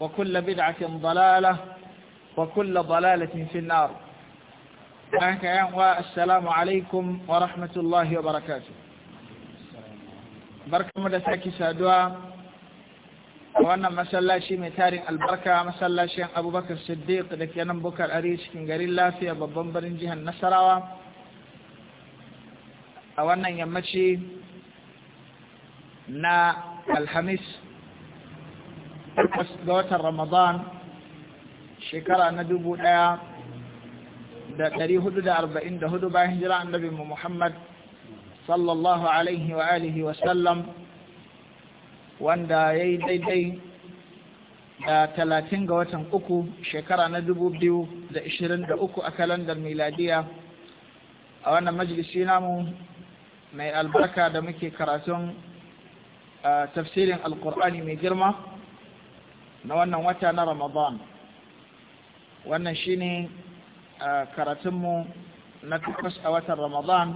وكل بدعة ضلالة وكل ضلالة في النار السلام عليكم ورحمة الله وبركاته بركة مدتاكي سادوا وانا مسلا شي متارين البركة مسلا شيخ أبو بكر الصديق لك ينبكر أريش كنغري الله في أبو بمبرين جهة النسراوة وانا يمشي na alhamis takwas ga watan ramadan shekara na dubu ɗaya da ɗari hudu da arba'in da hudu bayan hijira annabi mu muhammad sallallahu alaihi wa alihi wa sallam wanda ya yi daidai da talatin ga watan uku shekara na dubu biyu da ishirin da uku a kalandar miladiya a wannan majalisi namu mai albarka da muke karatun tafsirin alkur'ani mai girma na wannan wata na ramadan wannan shine karatunmu na takwas a watan ramadan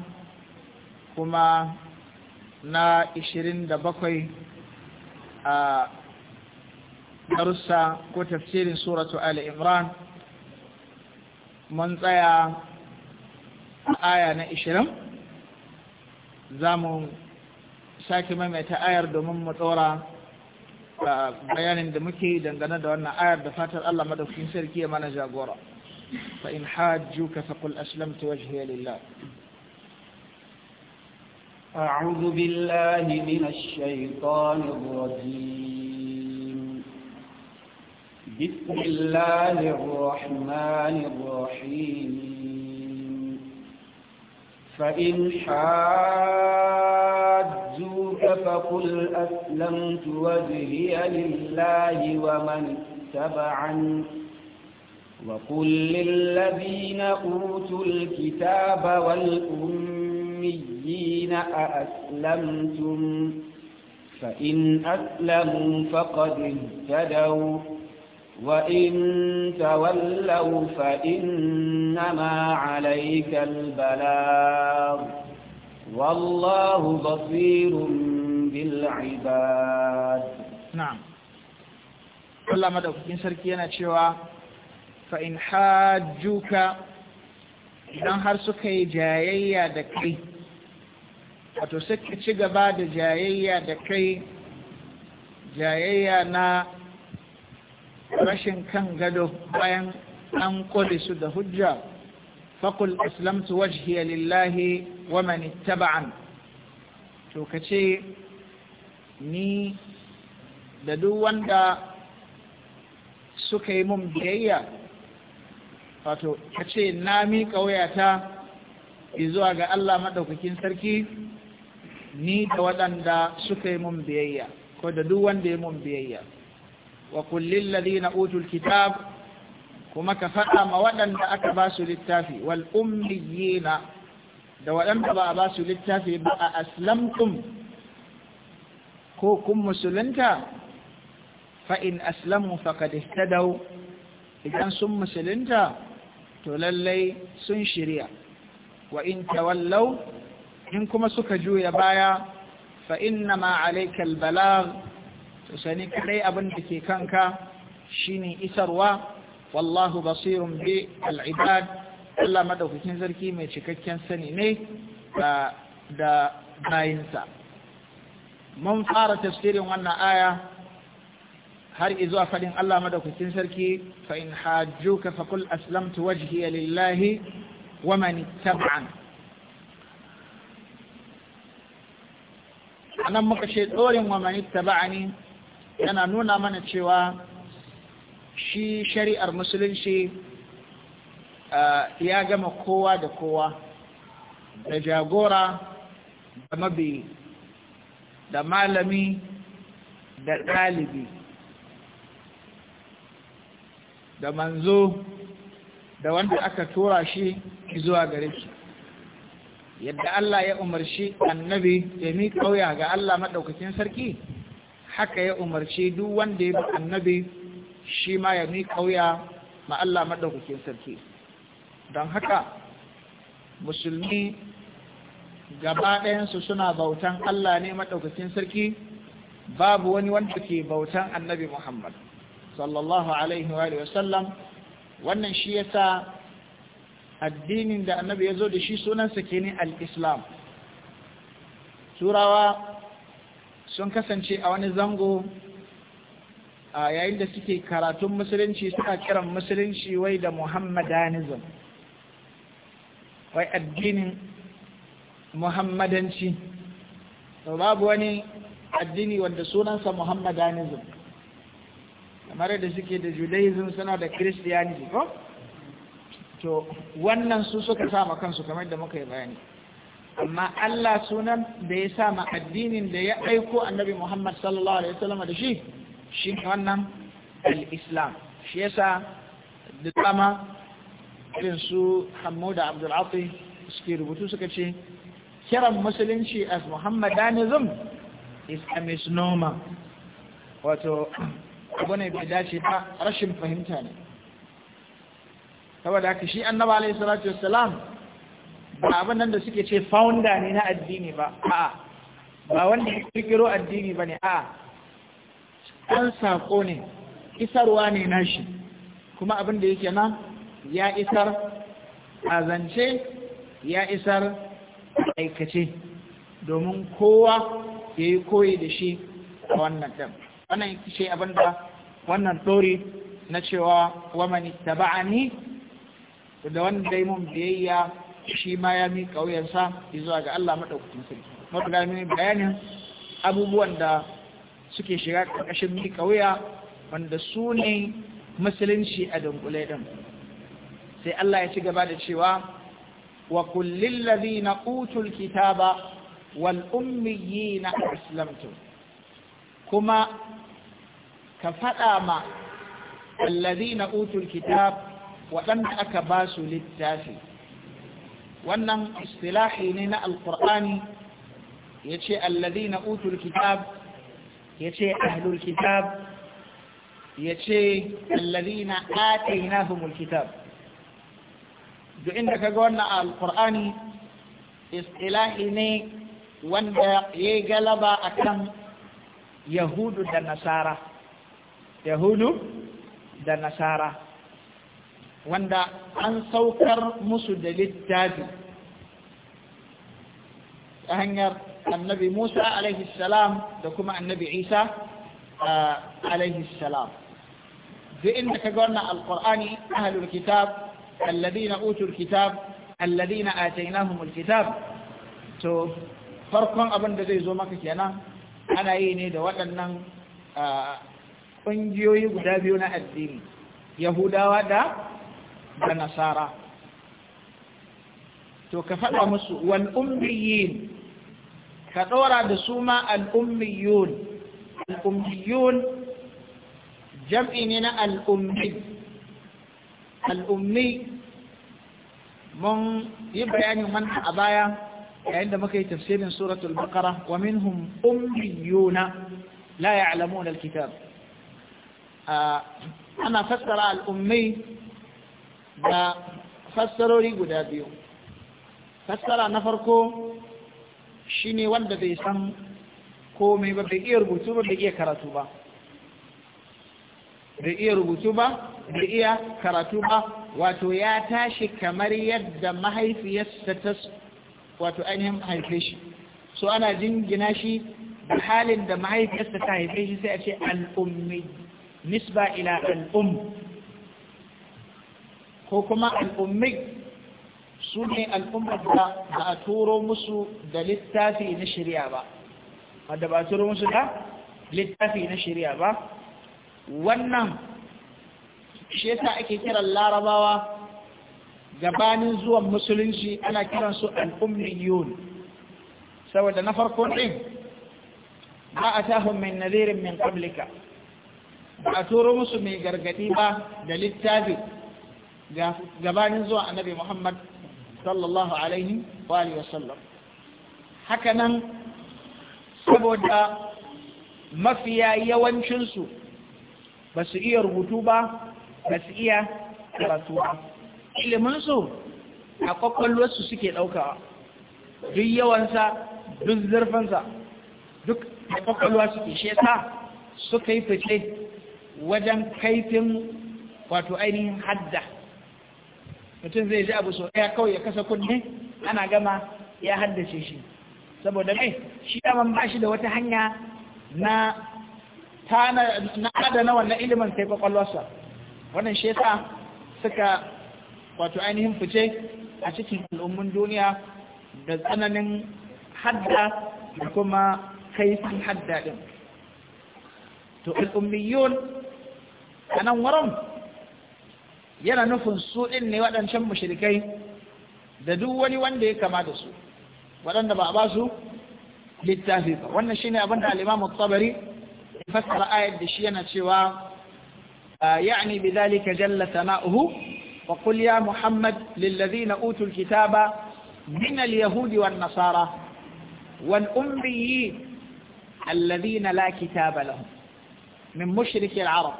kuma na da bakwai a darussa ko tafsirin suratu ali imran mun tsaya aya na ishirin za mu sake maimaita ayar domin mu tsora bayanin da muke dangane da wannan ayar da fatar Allah madaukakin sarki ya mana jagora fa in hajjuka faqul aslamtu wajhiya lillah أعوذ بالله من الشيطان الرجيم بسم الله الرحمن الرحيم فإن حاج فقل أسلمت وجهي لله ومن اتبعني وقل للذين أوتوا الكتاب والأميين أأسلمتم فإن أسلموا فقد اهتدوا وإن تولوا فإنما عليك البلاغ والله بصير بالعباد نعم Allah madaukakin sarki yana cewa fa in hajjuka idan har suka yi jayayya da kai wato suka ci gaba da jayayya da kai jayayya na rashin kan gado bayan an kodi da hujja faqul aslamtu wajhiya lillahi wa man ittaba'an to kace ni da duk wanda suka yi mun biyayya wato ka ce na miƙa wayata zuwa ga Allah maɗaukakin sarki ni da waɗanda suka yi mun biyayya ko da duk wanda ya mun biyayya wa kullin lalina utul kitab kuma ka faɗa ma waɗanda aka ba su littafi wal ummiyina da waɗanda ba a ba su littafi ba a aslamtum ko kun musulunta fa'in aslamu faƙad idan sun musulunta to lallai sun shirya wa in tawallau in kuma suka juya baya fa inna ma alayka to sani kadai abin da ke kanka shine isarwa wallahu basirun bi alibad Allah maɗaukakin sarki mai cikakken sani ne da bayinsa mun fara tafsirin wannan aya har izuwa fadin Allah madaukakin sarki fa in hajjuka fa kul aslamtu wajhiya lillahi wa man tab'an anan muka ce dorin wa man tab'ani yana nuna mana cewa shi shari'ar musulunci ya gama kowa da kowa da jagora da mabiyi da malami da ɗalibi da manzo da wanda aka tura shi zuwa gare shi yadda Allah ya umarci annabi ya mi kauya ga Allah maɗaukakin sarki haka ya umarci duk wanda ya bi annabi shi ma ya mi kauya ma Allah maɗaukakin sarki don haka musulmi gaba ɗayansu suna bautan Allah ne maɗaukakin sarki babu wani wanda ke bautan annabi Muhammad sallallahu alaihi wa sallam wannan shi yasa addinin da annabi ya zo da shi sunansa ke ne al turawa sun kasance a wani zango a yayin da suke karatun musulunci suka kiran musulunci wai da muhammadanism wai addinin muhammadanci babu wani addini wanda sunansa muhammadanism kamar da suke da judaism suna da christianity ko to wannan su suka sama kansu kamar da muka yi bayani amma Allah sunan da ya sama addinin da ya aiko annabi Muhammad sallallahu alaihi wasallam da shi shi wannan al-islam shi yasa da dama irin su Hamuda Abdul Atif suke rubutu suka ce kiran musulunci as muhammadanism is a misnomer wato abu ne bai dace ba rashin fahimta ne saboda haka shi annaba alaihi salatu ba abin nan da suke ce founder ne na addini ba a'a ba wanda ya kirkiro addini ba ne a'a ɗan saƙo ne isarwa ne nashi kuma abin da yake nan ya isar a zance ya isar aikace domin kowa ya yi koyi da shi a wannan ɗan. wannan ce abin da wannan ɗori na cewa wamani ni. da wanda mun biyayya shi ma ya mi ƙauyensa zuwa ga Allah maɗaukacin sarki mafi gami bayanin abubuwan da suke shiga ƙarƙashin mi ƙauya wanda su ne musulunci a dunkule ɗin sai Allah ya ci gaba da cewa وكل للذين اوتوا الكتاب والاميين اسلمتم كما كفداما الذين اوتوا الكتاب ولم اكباسوا littafi wannan istilahi ne na alƙur'ani ya ce allazi na utul kitab ya ce ahlul kitab ya ce allazi na ƙaƙi na humul kitab duk inda kaga wannan alkur'ani istilahi ne wanda ya galaba akan yahudu da nasara yahudu da nasara wanda an saukar musu da littafi ta hanyar annabi musa alaihi salam da kuma annabi isa alaihi salam duk inda ka ga wannan alkur'ani ahlul kitab الذين أوتوا الكتاب الذين آتيناهم الكتاب to farkon abin da zai zo maka kenan ana yi ne da waɗannan ƙungiyoyi guda biyu na addini yahudawa da nasara to ka faɗa musu wal ummiyin ka ɗora da su ma al ummiyun jam'i ne na al al'ummi mun yi bayanin wannan a baya yayin da muka yi tafsirin suratul baqara wa minhum ummiyuna la ya'lamuna alkitab ana fassara al'ummi da fassarori guda biyu fassara na farko shine wanda bai san komai ba bai iya rubutu ba bai iya karatu ba bai iya rubutu ba bai iya karatu ba wato ya tashi kamar yadda mahaifiyarsa ta wato ainihin haife shi so ana jingina shi da halin da mahaifiyarsa ta haife shi sai a ce al'ummi nisba ila al'um ko kuma al'ummi su ne al'ummar da ba a turo musu da littafi na shirya ba wadda ba a turo musu da littafi na shirya ba wannan shi yasa ake kiran larabawa gabanin zuwan musulunci ana kiransu al'ummiyun saboda na farko ɗin ba a tahun min nazirin min ƙablika ba a turo musu mai gargaɗi ba da littafi gabanin zuwa annabi muhammad sallallahu alaihi wa sallam haka nan saboda mafiya yawancinsu ba su iya rubutu ba ba su iya karatu iliminsu a kwakwalwarsu suke ɗaukawa duk yawansa duk zurfinsa duk a kwakwalwa suke shi yasa suka yi fice wajen kaifin wato ainihin hadda mutum zai ji abu sau ɗaya kawai ya kasa kunne ana gama ya haddace shi saboda mai shi daman ba shi da wata hanya na adana wannan ilimin sai kwakwalwarsa wannan shesa suka wato ainihin fice a cikin al'ummin duniya da tsananin hadda da kuma kaifin hadda din to al'ummiyun a nan wurin yana nufin su ɗin ne waɗancan mashirikai, da duk wani wanda ya kama da su waɗanda ba a ba su littafi ba wannan shine abin da al-Imam tabari ya fassara ayat da shi yana cewa آه، يعني بذلك جل ثناؤه وقل يا محمد للذين أوتوا الكتاب من اليهود والنصارى والاميين الذين لا كتاب لهم من مشرك العرب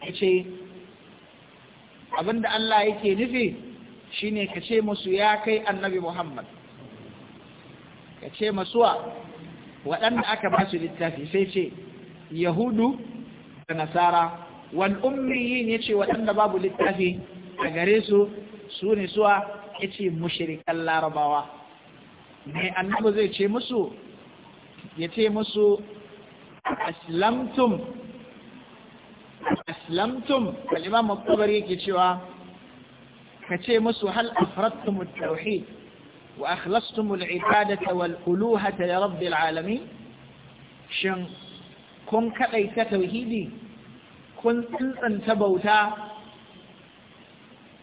حيث أبند أن لا يكي نفي شيني كشي مسياكي النبي محمد كشي مسوا وأن أكباس للتافي شيء يهود ونصارى wal ummiyin yace waɗanda babu littafi a gare su su ne suwa yace mushrikan larabawa me annabi zai ce musu ya ce musu aslamtum aslamtum al-imam at-tabari yake cewa ka ce musu hal afradtum at-tauhid wa akhlastum al-ibadata wal-uluhata li rabbil alamin shin kun kadaita tauhidi kun tsantsanta bauta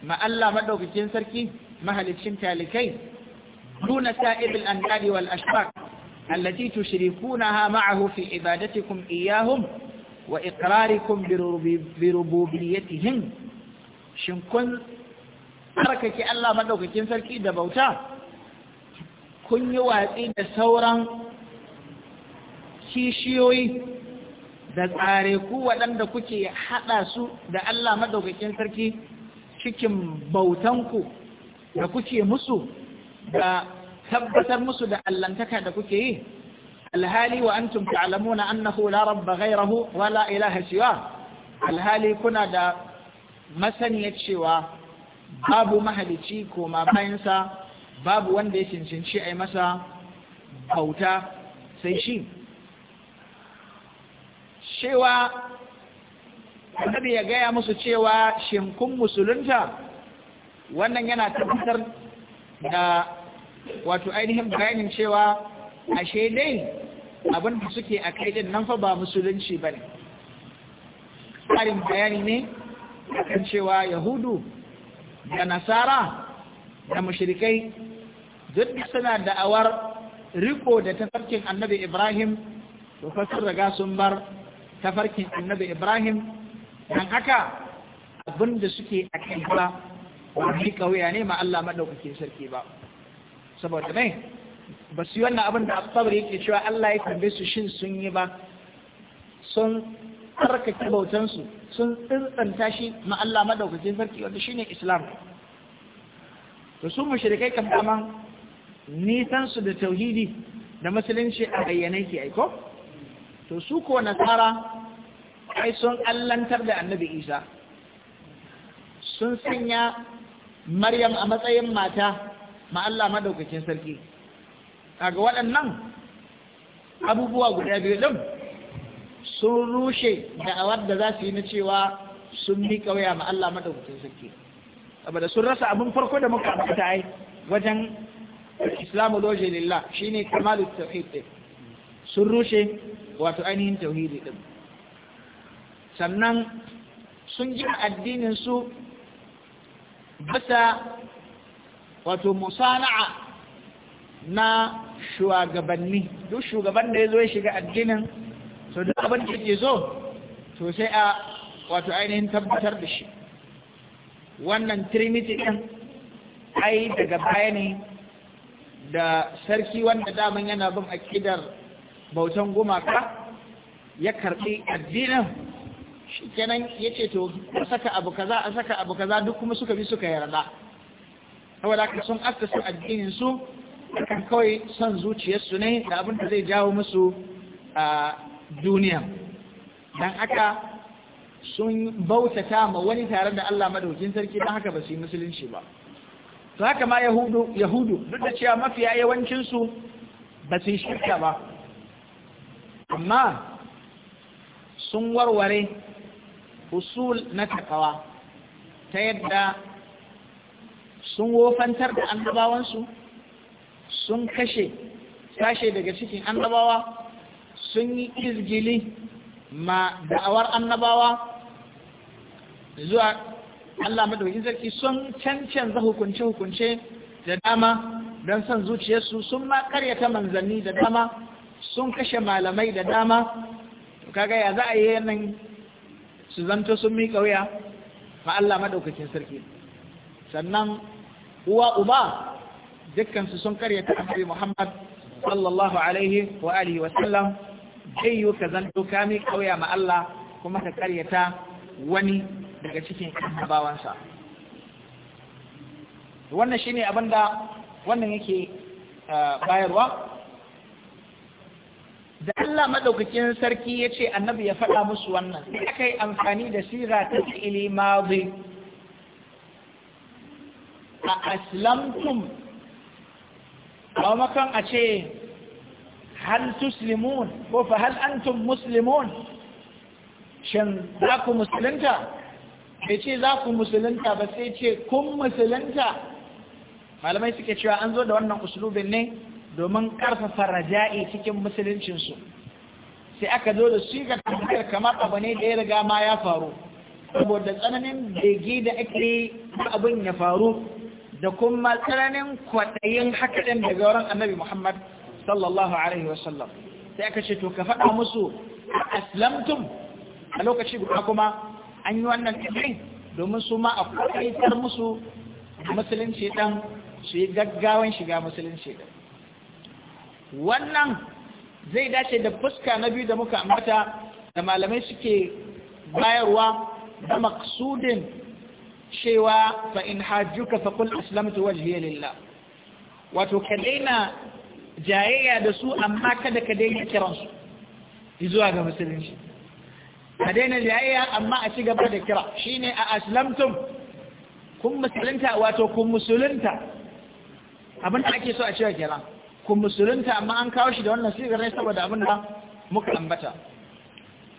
ma Allah madaukakin sarki mahalicin talikai duna sa'ibul anadi wal ashbaq allati tushrikunaha ma'ahu fi ibadatikum iyyahum wa iqrarikum bi rububiyyatihim shin kun harkake Allah madaukakin sarki da bauta kun yi watsi da sauran kishiyoyi da tsare ku waɗanda kuke haɗa su da Allah madaukakin sarki cikin bautanku da kuke musu da tabbatar musu da allantaka da kuke yi alhali wa antum ta'lamuna annahu la rabba ghayrahu wa la ilaha siwa alhali kuna da masaniya cewa babu mahalici koma bayansa babu wanda ya cincinci a masa bauta sai shi cewa annabi ya gaya musu cewa shinkun musulunta wannan yana tabbatar da wato ainihin bayanin cewa ashe dai abin da suke a kaidin nan fa ba musulunci ba ne tsarin bayani ne kan cewa yahudu da nasara da mashirikai duk suna da'awar riko da tafarkin annabi ibrahim to fa riga sun bar tafarkin annabi Ibrahim dan haka abin da suke a kai ba yi kawai ne ma Allah madaukakin sarki ba saboda mai ba su yi wannan abin da asabar yake cewa Allah ya tambaye su shin sun yi ba sun kibautan su, sun tsirtsanta shi ma Allah madaukakin sarki wanda shine Islam to su mushrikai kan kaman nisan da tauhidi da musulunci a bayyane ke aiko to su ko nasara ai sun allantar da annabi isa sun sanya maryam a matsayin mata ma Allah madaukakin sarki kaga waɗannan abubuwa guda biyu din sun rushe da'awar da za su yi na cewa sun bi kawaya ma Allah madaukakin sarki saboda sun rasa abin farko da muka ambata ai wajen islamu loje lillah shine kamalu tauhid sun rushe wato ainihin tauhidi ɗin. sannan sun gina addinin su bisa wato musana'a na shugabanni duk shugaban da ya zo ya shiga addinin to da abin da ke zo to sai a wato ainihin tabbatar da shi wannan trinity ɗin ai daga baya ne da sarki wanda daman yana bin akidar bautan gumaka ya karɓi addinin shi kenan ya ce to a saka abu kaza a saka abu kaza duk kuma suka bi suka yarda saboda ka sun su addinin su kan kawai son zuciyarsu ne da abin da zai jawo musu a duniya dan haka sun bautata ma wani tare da Allah madaukin sarki don haka ba su yi musulunci ba to haka ma yahudu yahudu duk da cewa mafiya yawancinsu ba su yi shirka ba amma sun warware usul na takawa ta yadda sun wofantar da annabawansu sun kashe sashe daga cikin annabawa sun yi izgili ma da'awar annabawa zuwa Allah madawin zarki sun cancanza hukunce-hukunce da dama don son zuciyarsu sun ma karyata manzanni da dama sun kashe malamai da dama kaga ya za a yi yanan su zanto sun mi wuya ma Allah maɗaukakin sarki sannan uwa uba dukkansu sun karyata annabi Muhammad sallallahu alaihi wa alihi wa sallam dai ka zanto ka mi wuya ma Allah kuma ka karyata wani daga cikin annabawansa wannan shine abinda wannan yake eh, bayarwa da Allah madaukakin sarki ya ce annabi ya faɗa musu wannan sai aka yi amfani da sira ta fi'ili mazi a aslamtum a a ce hal tuslimun ko fa hal antum muslimun shin za ku musulunta bai ce za ku musulunta ba sai ce kun musulunta malamai suke cewa an zo da wannan uslubin ne domin ƙarfafa raja'i cikin musuluncinsu sai aka zo da su ga kamar kamar abu ne da ya riga ma ya faru saboda tsananin bege da ake abin ya faru da kuma tsananin kwaɗayin haka ɗin daga wurin annabi muhammad sallallahu alaihi wasallam sai aka ce to ka faɗa musu aslamtum a lokaci guda kuma an yi wannan ɗin domin su ma a kwaɗayi musu musulunci ɗan su yi gaggawan shiga musulunci ɗan wannan zai dace da fuska na biyu da muka ambata da malamai suke bayarwa da maksudin cewa fa in hajjuka fa qul aslamtu wajhiya lillah wato ka daina jayayya da su amma kada ka daina kiransu zuwa ga musulunci ka daina jayayya amma a ci gaba da kira shine a aslamtum kun musulunta wato kun musulunta abin da ake so a cewa kenan ku musulunta amma an kawo shi da wannan sigar ne saboda abin da muka ambata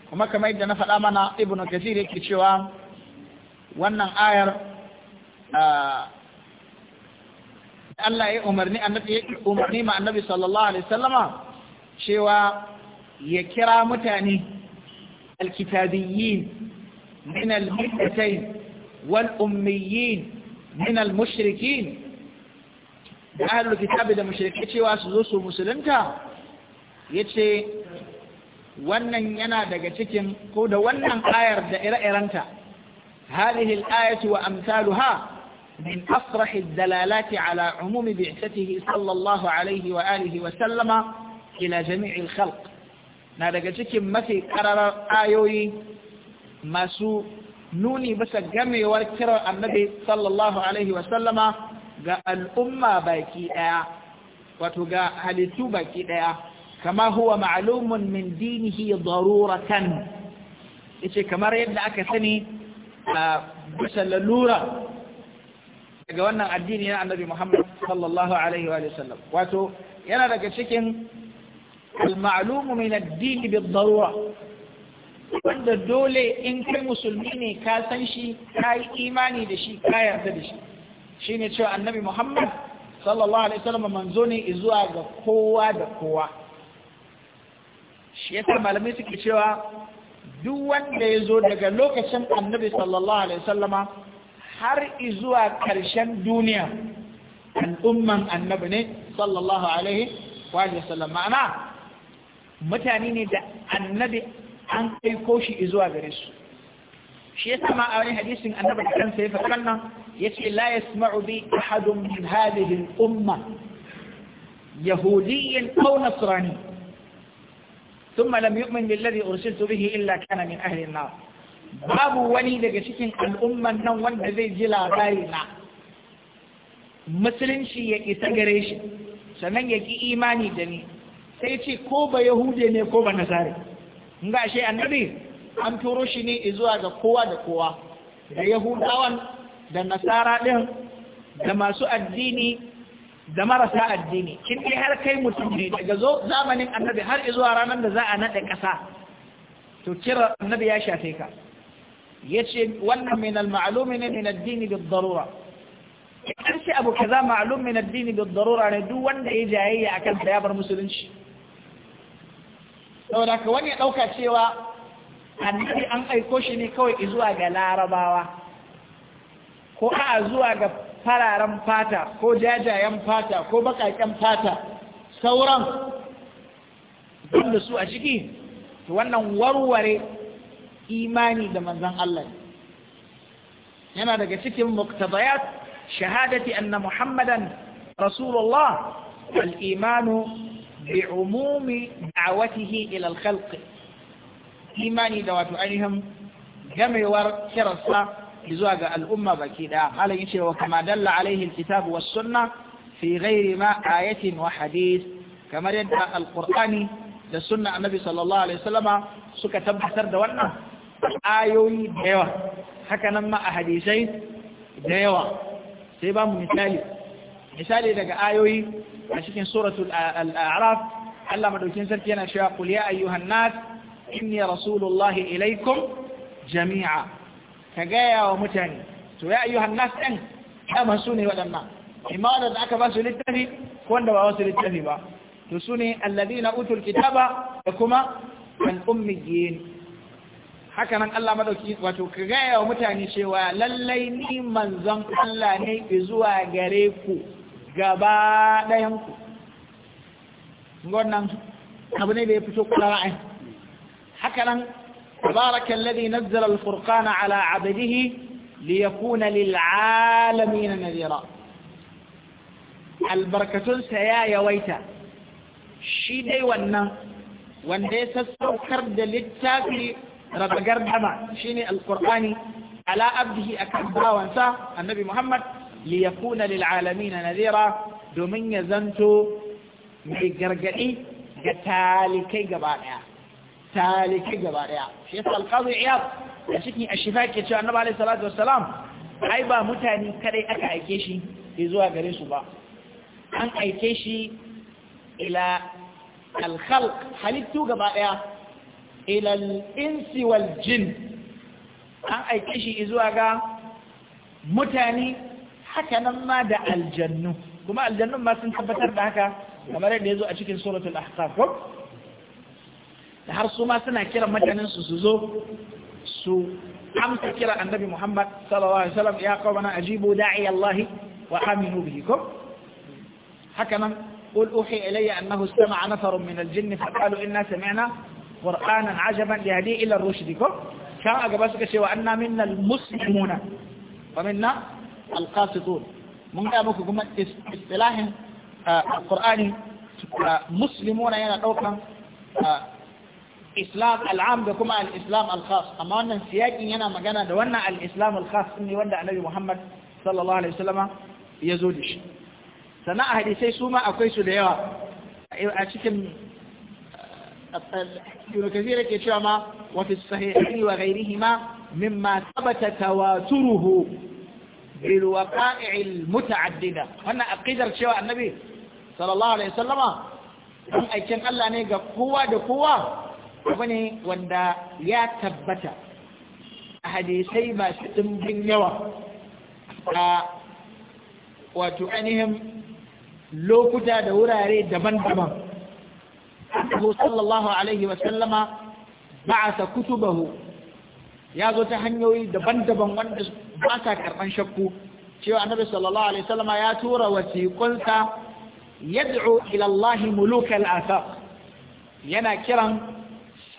kuma kamar yadda na faɗa mana ibnu kathir yake cewa wannan ayar ah, Allah ya umarni annabi umarni ma annabi sallallahu alaihi wasallama cewa ya kira mutane alkitabiyyin min al wal ummiyin min al-mushrikin da ahlul kitabi da mushrikai cewa su zo su musulunta yace wannan yana daga cikin ko da wannan ayar da ire-irenta hadhihi ayatu wa ha min afrahi dalalati ala umum bi'satihi sallallahu alayhi wa alihi wa sallama ila jami'in khalq na daga cikin mafi kararar ayoyi masu nuni bisa gamewar kiran annabi sallallahu alaihi wa sallama ga al'umma baki ɗaya wato ga halittu baki ɗaya kama huwa ma'alumun min dinihi daruratan yace kamar yadda aka sani a bisa lalura daga wannan addini na annabi Muhammad sallallahu alaihi wa wato yana daga cikin al-ma'lumu min ad-din darura wanda dole in kai musulmi ne ka san shi ka yi imani da shi ka yarda da shi Shi ne cewa annabi Muhammad sallallahu alaihi wasallam manzo ne zuwa ga kowa da kowa shi yasa malamai suke cewa duk wanda ya zo daga lokacin annabi sallallahu alaihi wasallama har zuwa karshen duniya al'umman annabi ne sallallahu alaihi wa ma'ana mutane ne da annabi an kai ko shi zuwa gare su shi yasa ma a wani hadisin annabi da kansa ya faɗa nan. yace la yasma'u bi ahadun min hadhihi al-umma yahudiyyan aw nasrani thumma lam yu'min billadhi ursiltu bihi illa kana min ahli an-nar babu wani daga cikin al'umman nan wanda zai ji labari na musulunci ya isa gare shi sannan ya ki imani da ni sai ce ko ba yahude ne ko ba Nasari? ga ashe annabi an turo shi ne zuwa ga kowa da kowa da yahudawan da nasara ɗin da masu addini da marasa addini in dai har kai mutum ne daga zo zamanin annabi har izuwa ranar da za a naɗe ƙasa to kira annabi ya shafe ka ce wannan min al-ma'lum ne min ad-din darura in sai abu kaza ma'lum na ad-din darura ne duk wanda ya jayayya akan kan ya bar musulunci saboda ka wani ya dauka cewa annabi an aiko shi ne kawai zuwa ga larabawa ko a zuwa ga fararen fata ko jajayen fata ko bakaken fata sauran wanda su a ciki to wannan warware imani da manzan Allah yana daga cikin muktabayat shahadati anna muhammadan rasulullah al-imanu bi umumi da'watihi ila al-khalq imani da wato ainihin gamewar kirarsa zuwa ga al'umma baki daya malam yace wa kama dalla alaihin alkitab was sunna fi ghairi ma ayatin wa hadith kamar yadda alqur'ani da sunna annabi sallallahu alaihi suka tabbatar da wannan ayoyi da yawa haka nan ma a hadisai da yawa sai ba mu misali misali daga ayoyi a cikin suratul a'raf Allah madaukin sarki yana cewa qul ya ayyuhan nas inni rasulullahi ilaikum jami'a ka gaya wa mutane to ya ayyuhan nas ɗin dama su ne waɗannan imma da aka ba su littafi ko wanda ba wasu littafi ba to su ne alladina utul kitaba da kuma al'ummiyin haka nan Allah madauki wato ka gaya wa mutane cewa lallai ni manzon Allah ne zuwa gare ku gaba ɗayan ku nan abu ne da ya fito kula ra'ayi haka nan تبارك الذي نزل الفرقان على عبده ليكون للعالمين نذيرا البركة سيا شي شيدي ونا ونديس السوكر دلتا في رب قرد قردما شيني القرآن على عبده أكبر وانسى النبي محمد ليكون للعالمين نذيرا دومين يزنتو بقرقعي قتالي كي قبائع talikai gaba daya shi yasa alqazi iyab da cikin ashifa ke cewa annabi alaihi salatu wassalam ai ba mutane kadai aka aike shi zuwa gare su ba an aike shi ila alkhalq halittu gaba daya ila al-insi wal jin an aike shi zuwa ga mutane haka nan ma da aljannu kuma aljannun ma sun tabbatar da haka kamar yadda ya zo a cikin suratul ahqaf da har su ma suna kiran mutanen su su zo su amsa kira annabi Muhammad sallallahu alaihi wasallam ya qawmana ajibu da'i Allah wa aminu bihi ko haka nan qul uhi ilayya annahu istama'a nafarun min al-jinn fa qalu inna sami'na qur'anan ajaban yahdi ila ar-rushd ko kan a gaba suka ce wa anna minna al-muslimuna wa minna al-qasitun mun ga muku kuma istilahin ah, al-qur'ani ah, muslimuna yana daukan ah, islam al'am da kuma al-islam al-khas amma wannan siyakin yana magana da wannan al-islam al-khas ne wanda annabi Muhammad sallallahu alaihi wasallama ya zo da shi sana a hadisai su ma akwai su da yawa a cikin ibn kathir ke cewa ma wa fi sahihaini wa ghayrihima mimma tabbata tawaturuhu bil waqa'i' muta'addida wannan aqidar cewa annabi sallallahu alaihi wasallama dan aikin Allah ne ga kowa da kowa abu ne wanda ya tabbata a hadisai masu ɗimbin yawa a wato ainihin lokuta da wurare daban-daban annahu sallallahu alaihi wasallama ba'asa kutubahu ya zo ta hanyoyi daban-daban wanda ba sa karɓan shakku cewa annabi sallallahu alaihi wasallama ya tura wasiƙunsa yad'u ila Allah mulukal asaq yana kiran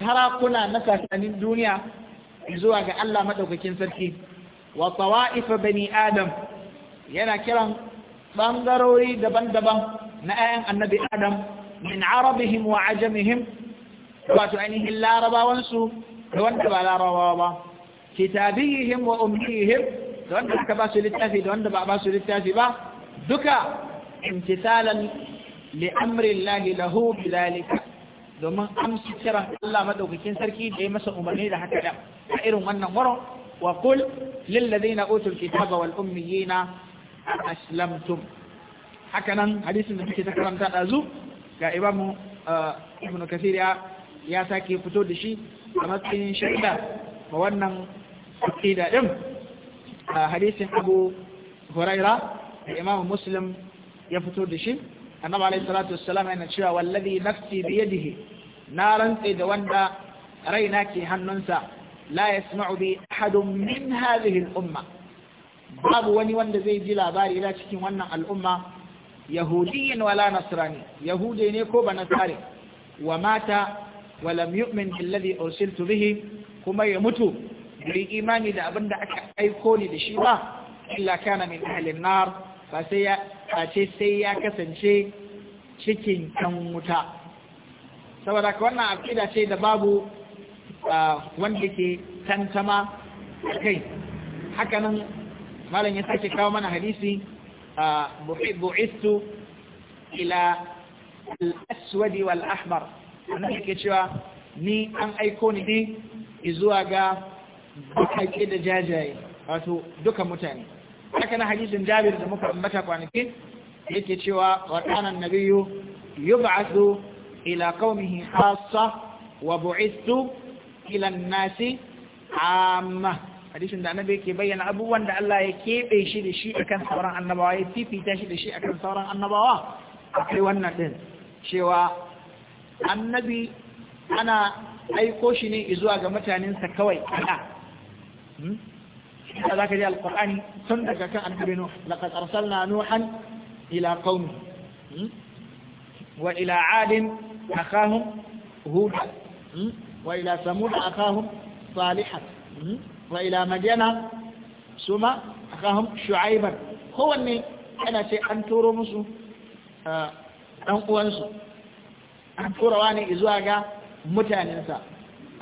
sarakuna na sasanin duniya zuwa ga Allah maɗaukakin sarki wa tawa'ifa bani adam yana kiran bangarori daban-daban na ayan annabi adam min arabihim wa ajamihim wato ainihin larabawansu da wanda ba larabawa ba kitabihim wa ummihim da wanda aka ba su littafi da wanda ba ba su littafi ba duka imtisalan li amri llahi lahu bidalika domin amsa kiran Allah madaukakin sarki da ya masa umarni da haka da a irin wannan wurin wa kul lil ladina utul kitaba wal ummiyina aslamtum haka nan hadisin da muke ta karanta dazu ga imamu eh, ibnu kathir ya ya sake fito da shi a matsayin shaida ma wannan aqida din hadisin abu huraira da Imam muslim ya fito da shi annabi alaihi salatu wassalam yana cewa wallazi nafsi bi yadihi na rantse da wanda raina ke hannunsa la yasma'u bi ahadun min umma babu wani wanda zai ji labari na cikin wannan al'umma yahudiyin wala Nasirani Yahudai ne ko ba nasare wa mata wa lam yu'min billadhi ursiltu bihi kuma ya mutu bai imani da abin da aka aiko ni da shi ba illa kana min ahlin nar ba sai ya sai ya kasance cikin kan wuta saboda ka wannan aƙida ce da babu wanda ke tantama kai hakanan malam ya sake kawo mana hadisi bu'istu ila al-aswadi wal ahmar wannan ke cewa ni an aiko ni ne zuwa ga bakake da jajaye wato duka mutane hakanan hadisin jabir da muka ambata kwanakin yake cewa wa kana annabiyyu yub'athu ila qaumihi khassa wa bu'istu ila an-nasi amma hadisin da annabi yake bayyana abubuwan da Allah ya keɓe shi da shi akan sauran annabawa ya fifita shi da shi akan sauran annabawa akwai wannan din cewa annabi ana aiko shi ne zuwa ga mutanensa kawai kada za ka ji alkur'ani tun daga kan annabi ila أخاهم هودا وإلى ثمود أخاهم صالحا وإلى مدينة ثم أخاهم شعيبا هو أني أنا سيأنتور مصر ɗan uwansu an turawa ne zuwa ga mutanensa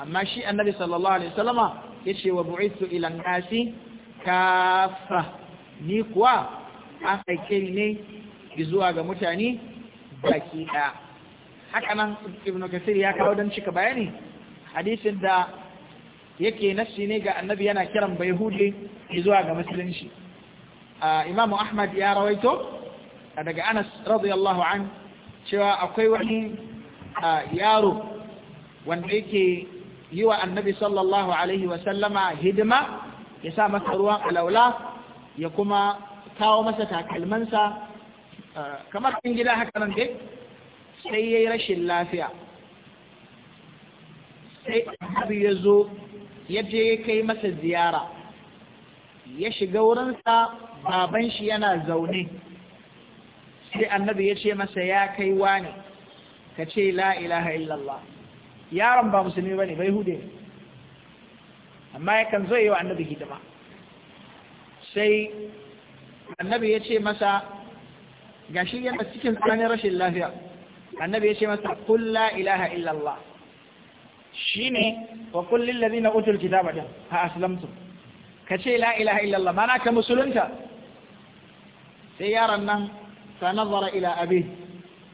amma shi annabi sallallahu alaihi wasallama yace wa bu'ithu ila nasi kafa ni kuwa an aike ni ne zuwa ga mutane baki ɗaya haka nan ibn kasir ya kawo don cika bayani hadisin da yake nafsi ne ga annabi yana kiran bai hude zuwa ga musulunci imamu ahmad ya rawaito daga anas radiyallahu an cewa akwai wani yaro wanda yake yi wa annabi sallallahu alaihi wasallama hidima ya sa masa ruwan alaula ya kuma kawo masa takalmansa kamar kan gida haka nan dai sai ya yi rashin lafiya sai abu ya zo ya je ya kai masa ziyara ya shiga wurinsa baban shi yana zaune sai annabi ya ce masa ya kai wani ka ce la ilaha illallah yaron ba musulmi ba ne bai hude ne amma yakan zo yi wa annabi hidima sai annabi ya ce masa gashi yana cikin tsananin rashin lafiya annabi ya ce masa qul la ilaha illallah shine wa qul lil ladina utul kitaba da ha aslamtu kace la ilaha Allah. mana ka musulunta sai yaron nan fa nazara ila abi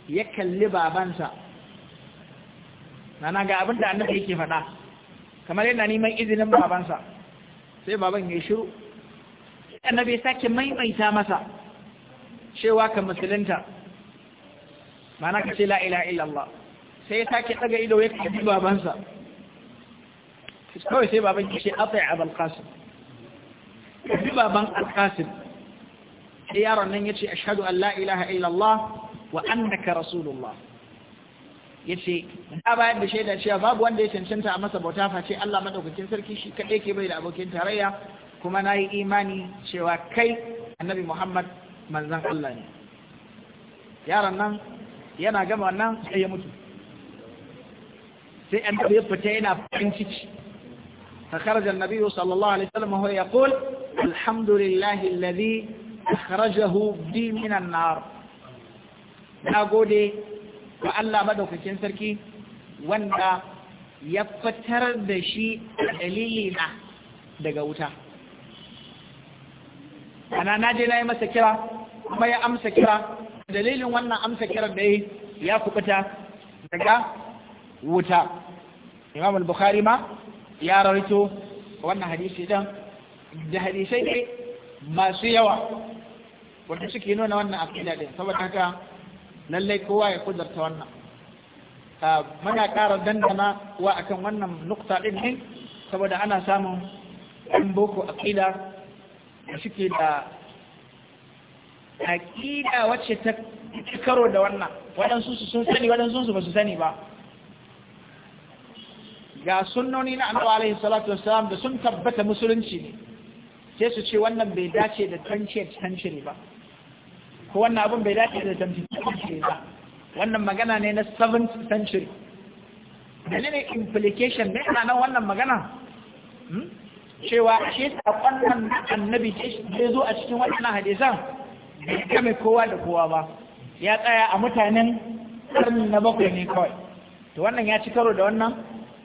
ya kalli babansa nana ga abin da annabi yake faɗa kamar yana neman izinin babansa sai baban ya shiru annabi ya sake maimaita masa cewa ka musulunta mana ka ce la illallah sai ya sake daga ido ya kaji babansa kawai sai baban ki ce abal qasim kaji baban al sai yaron nan yace ashadu an la ilaha illallah wa annaka rasulullah yace na bayan da shaida cewa babu wanda ya cancanta a masa bauta face Allah madaukakin sarki shi kaɗai ke bai da abokin tarayya kuma nayi imani cewa kai annabi Muhammad manzon Allah ne yaron nan yana gama wannan sai ya mutu sai an ya fita yana farin ciki فخرج النبي صلى الله عليه وسلم وهو يقول الحمد لله الذي أخرجه بي من النار نقول وألا مدوك كنسركي wanda ya fitar da shi dalili daga wuta ana na je na yi masa kira kuma ya amsa kira dalilin wannan amsa kiran da ya kubuta daga wuta imam al-bukhari ma ya rawaito wannan hadisi dan da hadisai ne masu yawa wanda suke nuna wannan aqida din saboda haka lallai kowa ya kudarta wannan ah, muna ƙara dandana wa akan wannan nukta ɗin ne saboda ana samun ɗan boko akida da suke da aqida wacce ta karo da wannan waɗansu sun sani waɗansu su ba su sani ba ga sunnoni na annabi alaihi salatu wassalam da sun tabbata musulunci ne sai su ce wannan bai dace da tance tance ba ko wannan abun bai dace da tance tance ba wannan magana ne na 7th century dalilin implication ne ana wannan magana hmm? cewa shi sakon nan annabi ke zo a cikin wannan hadisan bai game kowa da kowa ba ya tsaya a mutanen karni na bakwai ne kawai to wannan ya ci karo da wannan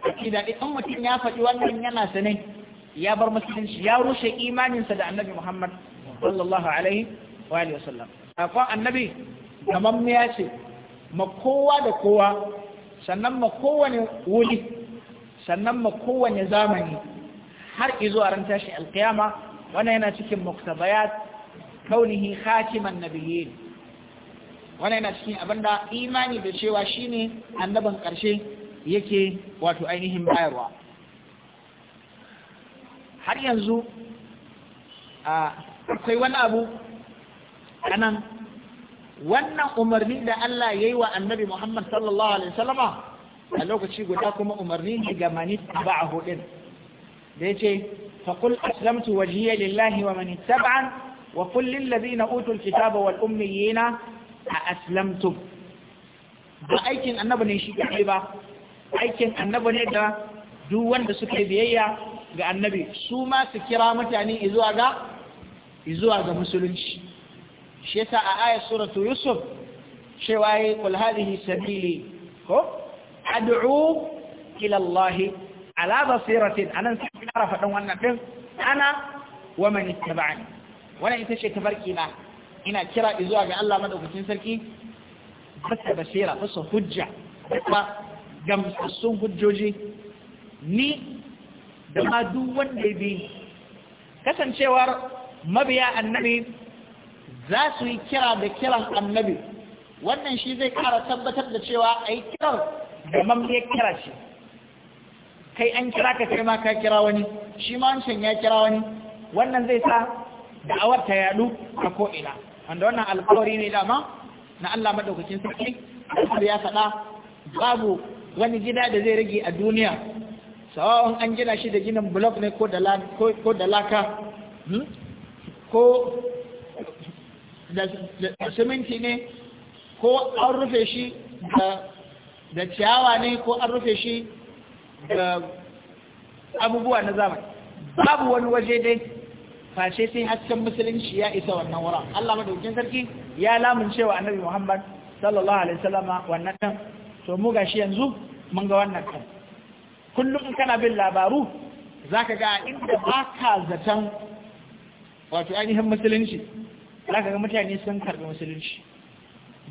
akida din in mutum ya faɗi wannan yana sane ya bar musulunci ya rushe imaninsa da annabi Muhammad sallallahu alaihi wa alihi wasallam akwai annabi gamammiya ce ma kowa da kowa sannan ma kowane wuli sannan ma kowane zamani har izo a ran tashi alkiyama wannan yana cikin muktabayat kaunihi khatiman nabiyyin wannan yana cikin abinda imani da cewa shine annabin karshe yake wato ainihin bayarwa har yanzu akwai wani abu anan wannan umarni da Allah ya yi wa annabi Muhammad sallallahu alaihi wasallama a lokaci guda kuma umarni ne ga mani a hudun da yace faqul aslamtu wajhiya lillahi wa mani ittaba'an wa kullin ladina utul kitaba a aslamtum ba aikin annabi ne shi kai ba aikin annabi ne da duwanda wanda suke biyayya ga annabi su ma su kira mutane zuwa ga musulunci shi yasa a ayat suratu yusuf cewa yi kul hadhihi sabili ko ad'u ila allah ala basiratin anan sai na rafa dan wannan din ana wa man ittaba'ani wannan ita ce tafarki na ina kira zuwa ga Allah madaukakin sarki fasa basira fasa hujja kuma gamsassun hujjoji ni da ma duk wanda ya bi kasancewar mabiya annabi za su yi kira da kiran annabi wannan shi zai kara tabbatar da cewa a yi kirar da mamliyar kira shi. kai an kira ka kai ma ka kira wani shi ma wancan ya kira wani wannan zai sa Da da'awar ta yadu a ko'ina wanda wannan alkawari ne dama na Allah maɗaukacin sarki da ya faɗa babu wani gida da zai rage a duniya sawa'un an gina shi da ginin blok ne ko da laka hmm? ko da siminti ne ko an rufe shi da ciyawa ne ko an rufe shi da abubuwa na zamani babu wani waje dai Fashe sai hasken musulunci ya isa wannan wurin Allah madaukakin sarki ya lamun cewa annabi Muhammad sallallahu alaihi wasallam wannan kan to mu gashi yanzu mun ga wannan kan kullum kana bin labaru zaka ga inda baka zaton wato ainihin musulunci zaka ga mutane sun karbi musulunci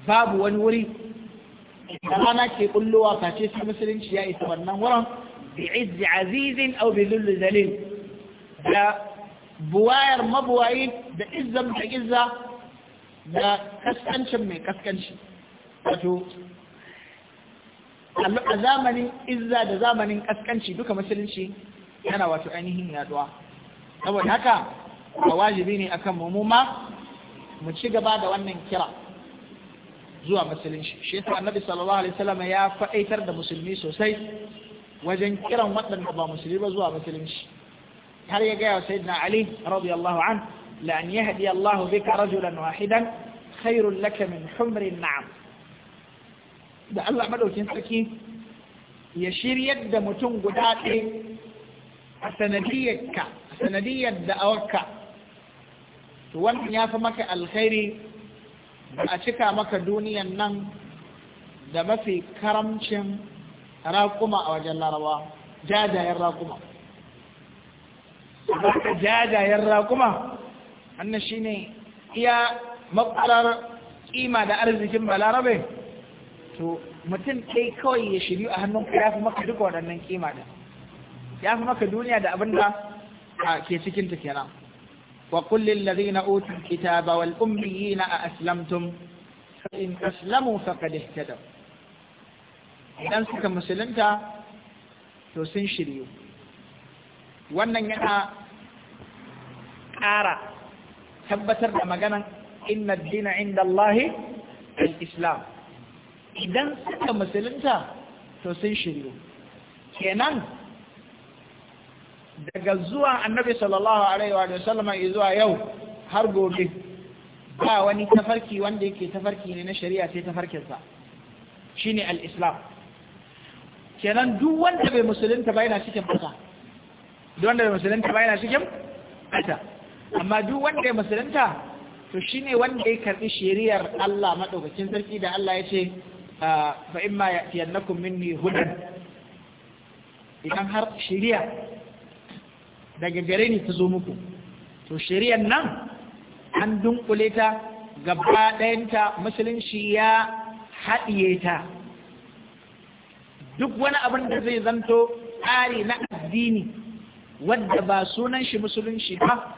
babu wani wuri rana ke kullowa fashe sai musulunci ya isa wannan wurin bi izzi azizin aw bi dhulli zalil da buwayar mabuwayi da izzar da izza da kaskancin mai kaskanci wato a zamanin izza da zamanin kaskanci duka musulunci yana wato ainihin yaduwa saboda haka ba wajibi ne akan mu ma mu ci gaba da wannan kira zuwa musulunci shi yasa annabi sallallahu alaihi wasallam ya faɗaitar da musulmi sosai wajen kiran waɗanda ba musulmi ba zuwa musulunci هل يجاو سيدنا علي رضي الله عنه لأن يهدي الله بك رجلا واحدا خير لك من حمر النعم ده الله ما لو تنسكي يشير يد متون قداتي سنديك سندية دعوك وان يافا مك الخير أشكا مك دنيا النم دم في كرمش راكما أو جل روا جاجا الراكما ba jajayen raƙuma annan shi ne iya makwarar ƙima da arzikin balarabe to mutum ɗai kawai ya shiryu a hannun ya fi maka duka waɗannan ƙima da ya fi maka duniya da abin da ke cikin ta kenan wa na ladina utul ba wal ummiyina a aslamtum tun? in aslamu faqad ihtadaw idan suka musulunta to sun shiryu wannan yana ƙara tabbatar da maganan inna dina inda Allahi al-Islam idan suka musulunta to sun shirya. kenan daga zuwa annabi sallallahu alaihi wa sallama zuwa yau har gobe ba wani tafarki wanda yake tafarki ne na shari'a sai tafarkinsa shi al-Islam kenan duk wanda bai musulunta ba yana cikin bata duk wanda bai musulunta ba yana cikin bata amma duk wanda ya musulunta to shine wanda ya karbi shari'ar Allah madaukakin sarki da Allah ya ce ah, fa imma yatiyannakum minni hudan idan har shari'a daga gare ni ta zo muku to shari'ar nan an dunkule ta gaba ɗayanta musulunci ya haɗiye ta duk wani abin da zai zanto tsari na addini wadda ba sunan shi musulunci ba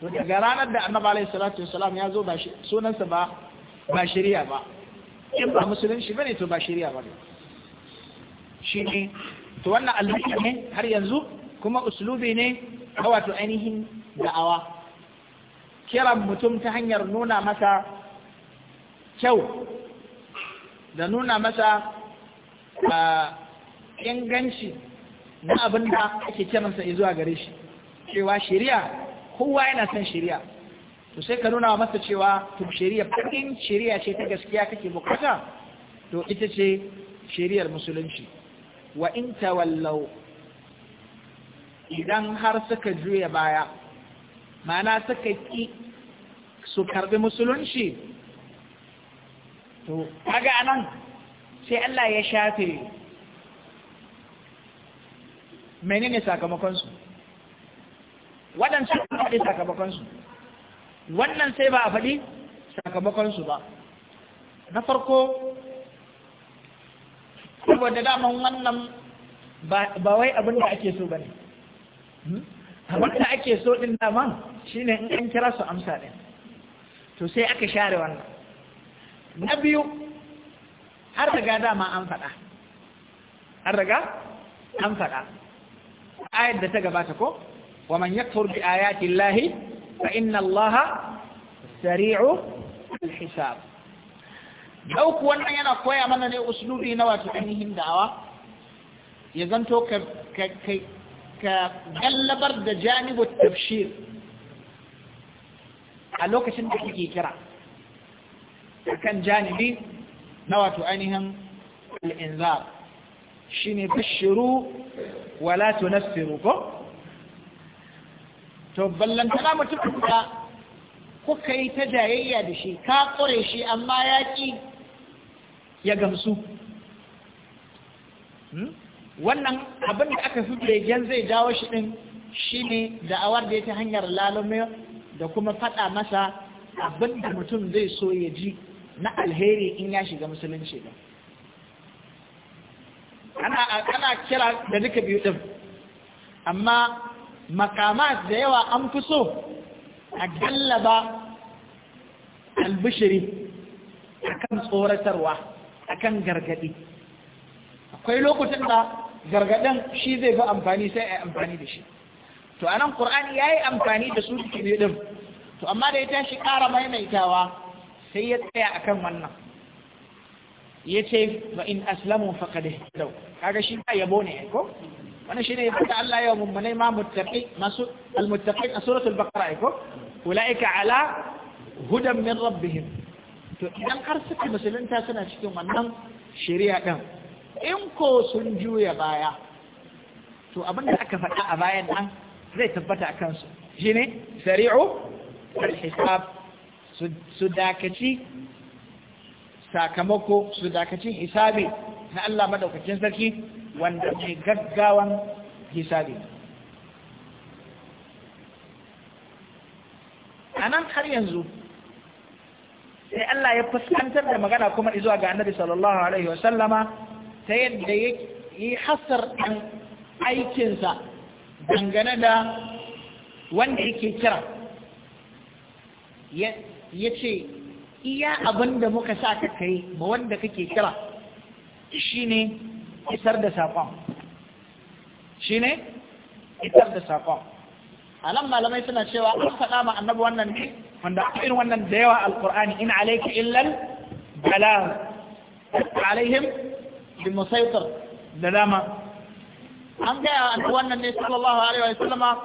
to daga ranar da annab'a alaihi salatu wasalam ya zo ba sunansa ba ba shari'a ba in ba shi bane to ba shari'a ne. shi ne to wannan alluki ne har yanzu kuma uslubi ne na wato ainihin da'awa kiran mutum ta hanyar nuna masa kyau da nuna masa inganci na abin da ake kiransa zuwa gare shi cewa shari'a kowa yana son shari'a to sai ka nuna masa cewa to shari'a fakin shari'a ce ta gaskiya kake bukata to ita ce shari'ar musulunci wa in tawallau idan har suka juya baya mana suka ki su karbi musulunci to kaga anan sai Allah ya shafe menene sakamakonsu waɗancan ba a faɗi sakamakonsu wannan sai ba a faɗi sakamakonsu ba na farko saboda daman wannan ba wai abin da ake so ba ne hmm? abin da ake so ɗin daman shi ne in an kira su amsa ɗin to sai aka share wannan na biyu har daga dama an faɗa har daga an faɗa ayar da ta gabata ko ومن يكفر بآيات الله فإن الله سريع الحساب لو كنا ينا قوي أمانا لي أسلوبي نوا تحنيهم دعوة يزنتو ك ك ك ك جل برد جانب التبشير ألوك سنتحكي كرا كان جانبي نوا تحنيهم الإنذار شيني بشروا ولا تنفروا to ballantana mutum da kuka yi ta jayayya da shi ka kore shi amma ya ki ya gamsu hmm? wannan abin da aka fi begen zai dawo shi ɗin shi ne da da'awar da ya ta hanyar lalumiyar da kuma faɗa masa abin da mutum zai so ya ji na alheri in ya shiga musulunci ba ana kira da duka biyu ɗin amma makamat da yawa an fi so a gallaba albishiri akan tsoratarwa akan gargadi akwai lokutan da gargadin shi zai fi amfani sai a yi amfani da shi to a nan ƙur'ani ya yi amfani da su ne ɗin to amma da ya tashi ƙara maimaitawa sai ya tsaya akan wannan ya ce ba in aslamu faƙa da kaga shi ba yabo ne ko Wani shine da Allah ya mummunai ma muttaqi masu almuttaqin a suratul baqara iko ulaika ala hudan min rabbihim to idan har suka musulunta suna cikin wannan shari'a din in ko sun juya baya to abin da aka faɗa a bayan nan zai tabbata a kansu shine sari'u alhisab su dakaci sakamako su dakacin hisabi na Allah madaukakin sarki wanda mai gaggawan hisabi a nan har yanzu sai Allah ya fuskantar da magana kuma izuwa ga annabi sallallahu alaihi wasallama ta yadda ya yi hasar ɗan aikinsa dangane da wanda yake kira ya ce iya abin da muka sa ka kai ma wanda kake kira shi ne. isar da saƙon shi ne isar da saƙon a nan malamai suna cewa an faɗa ma annabi wannan ne wanda irin wannan da yawa alƙur'ani in alaika illal bala alaihim bi musaitar da dama an gaya annabi wannan ne sallallahu alaihi wa sallama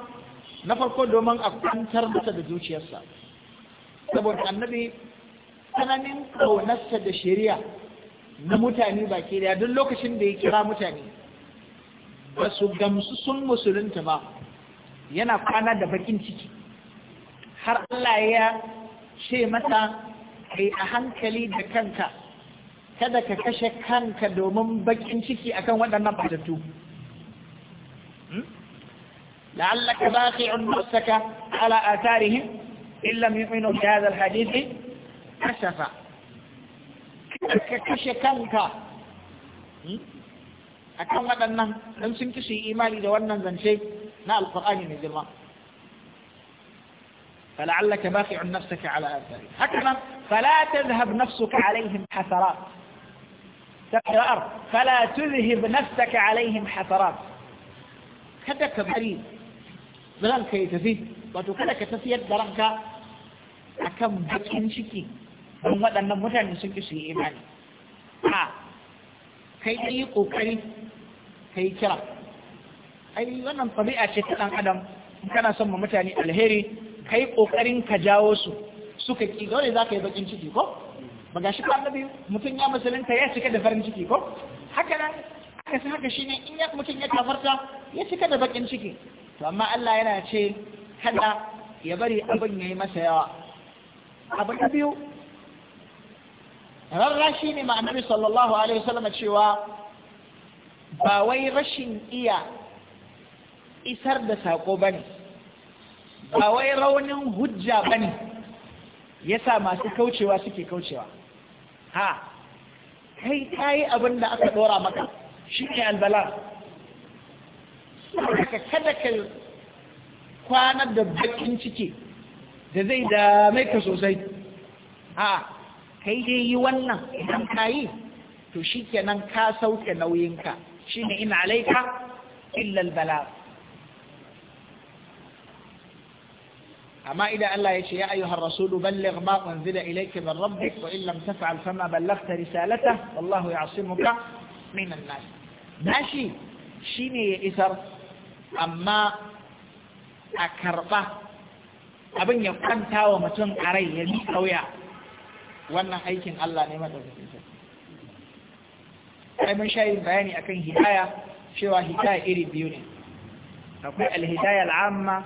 na farko domin a kwantar masa da zuciyarsa saboda annabi tsananin ƙaunarsa da shari'a na mutane baki daya duk lokacin da ya kira mutane ba su gamsu sun musulunta ba yana kwana da bakin ciki har Allah ya ce masa kai a hankali da kanka kada ka kashe kanka domin bakin ciki akan waɗannan fatattu hmm? la'allaka baqi'un nafsaka ala atharihim tarihin lam yu'minu bi hadha al-hadith فلعلك باخع نفسك على اثارهم حكما فلا تذهب نفسك عليهم حسرات تحيا الارض فلا تذهب نفسك عليهم حسرات كذا كبارين بلان كي تفيد وتو اكم بكين شكي don waɗannan mutane sun ƙi su yi imani a kai ɗan yi ƙoƙari ka yi kira ai wannan ɗabi'a ce ta ɗan adam kana son ma mutane alheri ka yi ƙoƙarin ka jawo su suka ƙi dole za ka yi baƙin ciki ko ba ga shi annabi mutum ya musulunta ya cika da farin ciki ko haka nan aka san haka shine in ya mutum ya kafarta ya cika da baƙin ciki to amma Allah yana ce kada ya bari abin yi masa yawa abu na biyu shi ne ma sallallahu alaihi wasallam cewa ba wai rashin iya isar da sako bane ba wai raunin hujja bane yasa masu kaucewa suke kaucewa ha kai kayi abin da aka dora maka shi ne ka kada ka kwanar da bakin ciki da zai dame ka sosai ha kai dai yi wannan idan ka yi to shi kenan ka sauke nauyinka shi ne ina alaika illal bala amma idan Allah ya ce ya ayyuhar rasulu balligh ma unzila ilayka min rabbik wa in lam taf'al fama ballaghta risalata wallahu ya'simuka min an-nas dashi shine ya isar amma a karba abin ya kwanta wa mutum a rai ya bi kauya wannan aikin Allah ne madaukakin sarki Sai mun sha shayin bayani kan hidaya cewa hidaya iri biyu ne akwai alhidaya al'amma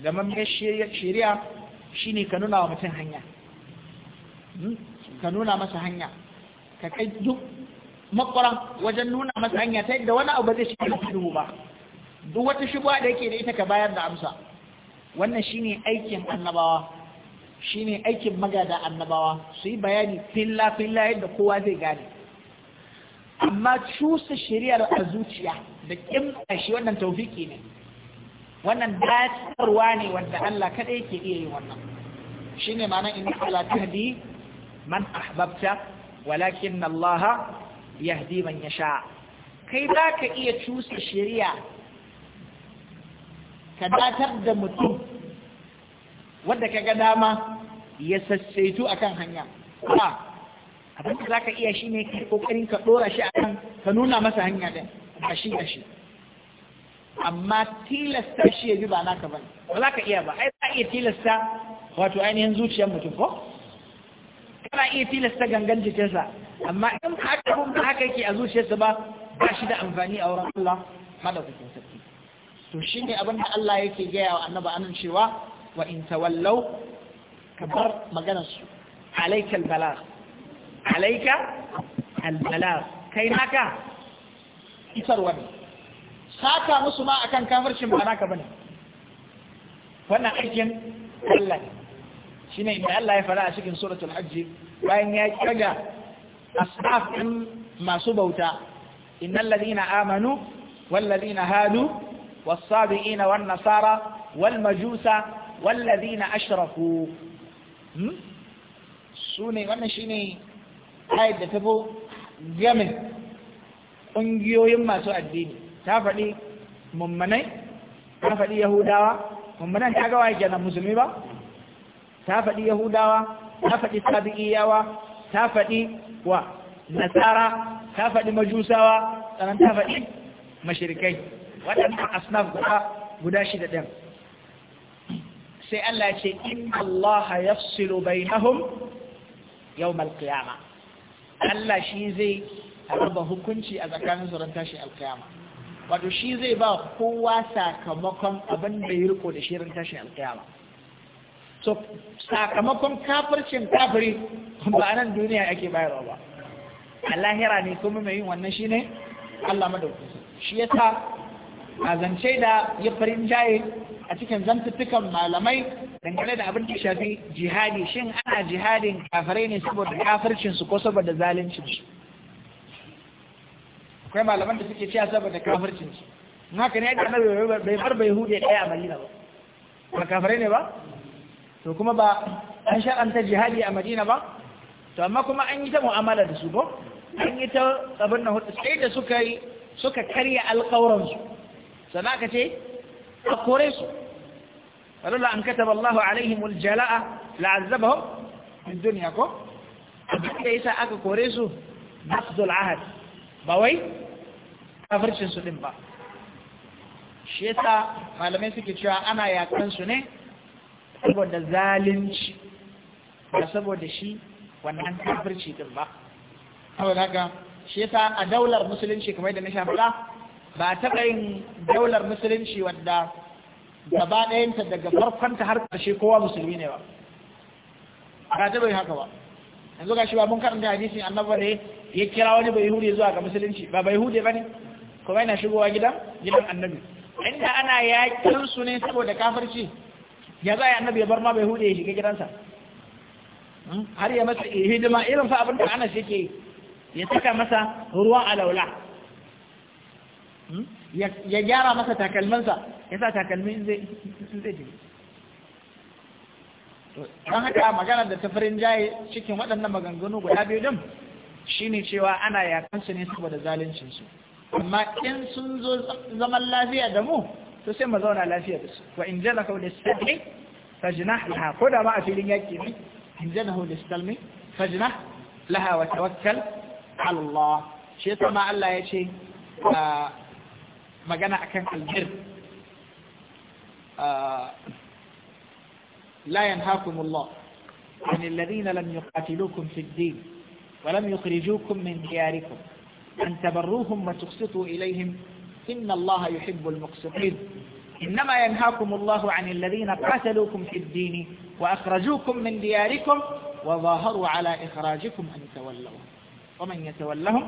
ga mamiyar shari'a shine ka nuna wa mutum hanya hmm? ka nuna masa hanya ka kai duk makwaran wajen nuna masa hanya ta yadda wani abu zai shi duhu ba duk wata shubha da yake da ita ka bayar da amsa wannan shine aikin annabawa shine aikin magada annabawa su yi bayani filla filla yadda kowa zai gane amma cusa shari'ar a zuciya da kimta shi wannan taufiki ne wannan dacewa ne wanda Allah kada yake iya yi wannan shine ma'anar inna la tahdi man ahbabta walakin Allah yahdi man yasha kai zaka iya cusa shari'a ka datar da mutum wadda ka ga dama ya sassaitu akan hanya Ba abin da ka iya shi ne kokarin ka ɗora shi a kan ka nuna masa hanya da ba shi da shi amma tilasta shi ya bi ba naka bane ba za ka iya ba ai za iya tilasta wato ainihin zuciyar mutum ko kana iya tilasta gangan jikinsa amma in haka kun ba haka yake a zuciyarsa ba ba shi da amfani a wurin Allah madaukakin sarki to shine abin da Allah yake gaya wa annaba anan cewa wa in tawallau ka bar maganarsu alaika albalag alaika albalag kai naka isarwa ne saka musu ma akan kafircin ba naka bane wannan aikin Allah shine inda Allah ya fara a cikin suratul hajj bayan ya kaga asnaf masu bauta innal ladina amanu wal ladina hadu was sabiina wan nasara wal majusa wallazina ashraku su ne wannan shine ayat da ta fi ƙungiyoyin masu addini ta faɗi mummanai ta faɗi yahudawa mummanan ta gawa yake na musulmi ba ta faɗi yahudawa ta faɗi sabi'iyawa ta faɗi wa nasara ta faɗi majusawa sannan ta faɗi mashirikai waɗannan asnaf guda shida ɗin sai Allah ce in Allah yafsilu bainahum yawm al-qiyama Allah shi zai haraba hukunci a tsakanin zuran tashi al wato shi zai ba kowa sakamakon abin da ya riko da shirin tashi al so sakamakon kafircin kafiri ba nan duniya ake bayarwa ba a lahira ne kuma mai yin wannan shine Allah madaukakin shi yasa a zance da ya farin jaye a cikin zantuttukan malamai dangane da abin da shafi jihadi shin ana jihadin kafirai ne saboda kafircin su ko saboda zalincin su akwai malaman da suke cewa saboda kafircin su haka ne da annabi bai bar bai hude kai a Madina ba ba kafirai ne ba to kuma ba an shar'anta jihadi a Madina ba to amma kuma an yi ta mu'amala da su ba an yi ta abin nan hudu sai da suka yi suka karya alƙawuransu sana ka ce a kore su wadanda an kataba Allah alaihim aljala'a la'azzabahu In duniya ko abin da yasa aka kore su nafdul ahad ba wai kafircin su din ba shi yasa malamai suke cewa ana yakan ne saboda zalunci ba saboda shi wannan kafirci din ba saboda haka shi yasa a daular musulunci kamar da na shafi ba taɓa yin daular musulunci wadda gaba ɗayanta daga farkonta har ƙarshe kowa musulmi ne ba ba taɓa yin haka ba yanzu ga shi ba mun karanta hadisin annaba ne ya kira wani bai hude zuwa ga musulunci ba bai hude ba ne kuma yana shigowa gida gidan annabi inda ana yakin su ne saboda kafirci ya za a yi annabi ya bar ma bai hude ya shiga gidansa hmm? har ya masa hidima irin fa abin da anas yake ya saka masa ruwan alaula Hmm? ya gyara masa takalmansa ya sa takalmin zai ji don haka magana da tafarin jaye cikin waɗannan maganganu guda biyu din shine cewa ana yakansu ne saboda zaluncinsu amma in sun zo zaman lafiya da mu to sai mu zauna lafiya da su wa in jana kau da stalmi fajina laha ko da ma a filin yaƙi ne in jana kau da stalmi fajina laha wa tawakkal Allah shi ma Allah ya ce ah, magana البر albir لا ينهاكم الله عن الذين لم يقاتلوكم في الدين ولم يخرجوكم من دياركم أن تبروهم وتقسطوا إليهم إن الله يحب المقسطين إنما ينهاكم الله عن الذين قاتلوكم في الدين وأخرجوكم من دياركم وظاهروا على إخراجكم أن تولوهم ومن يتولهم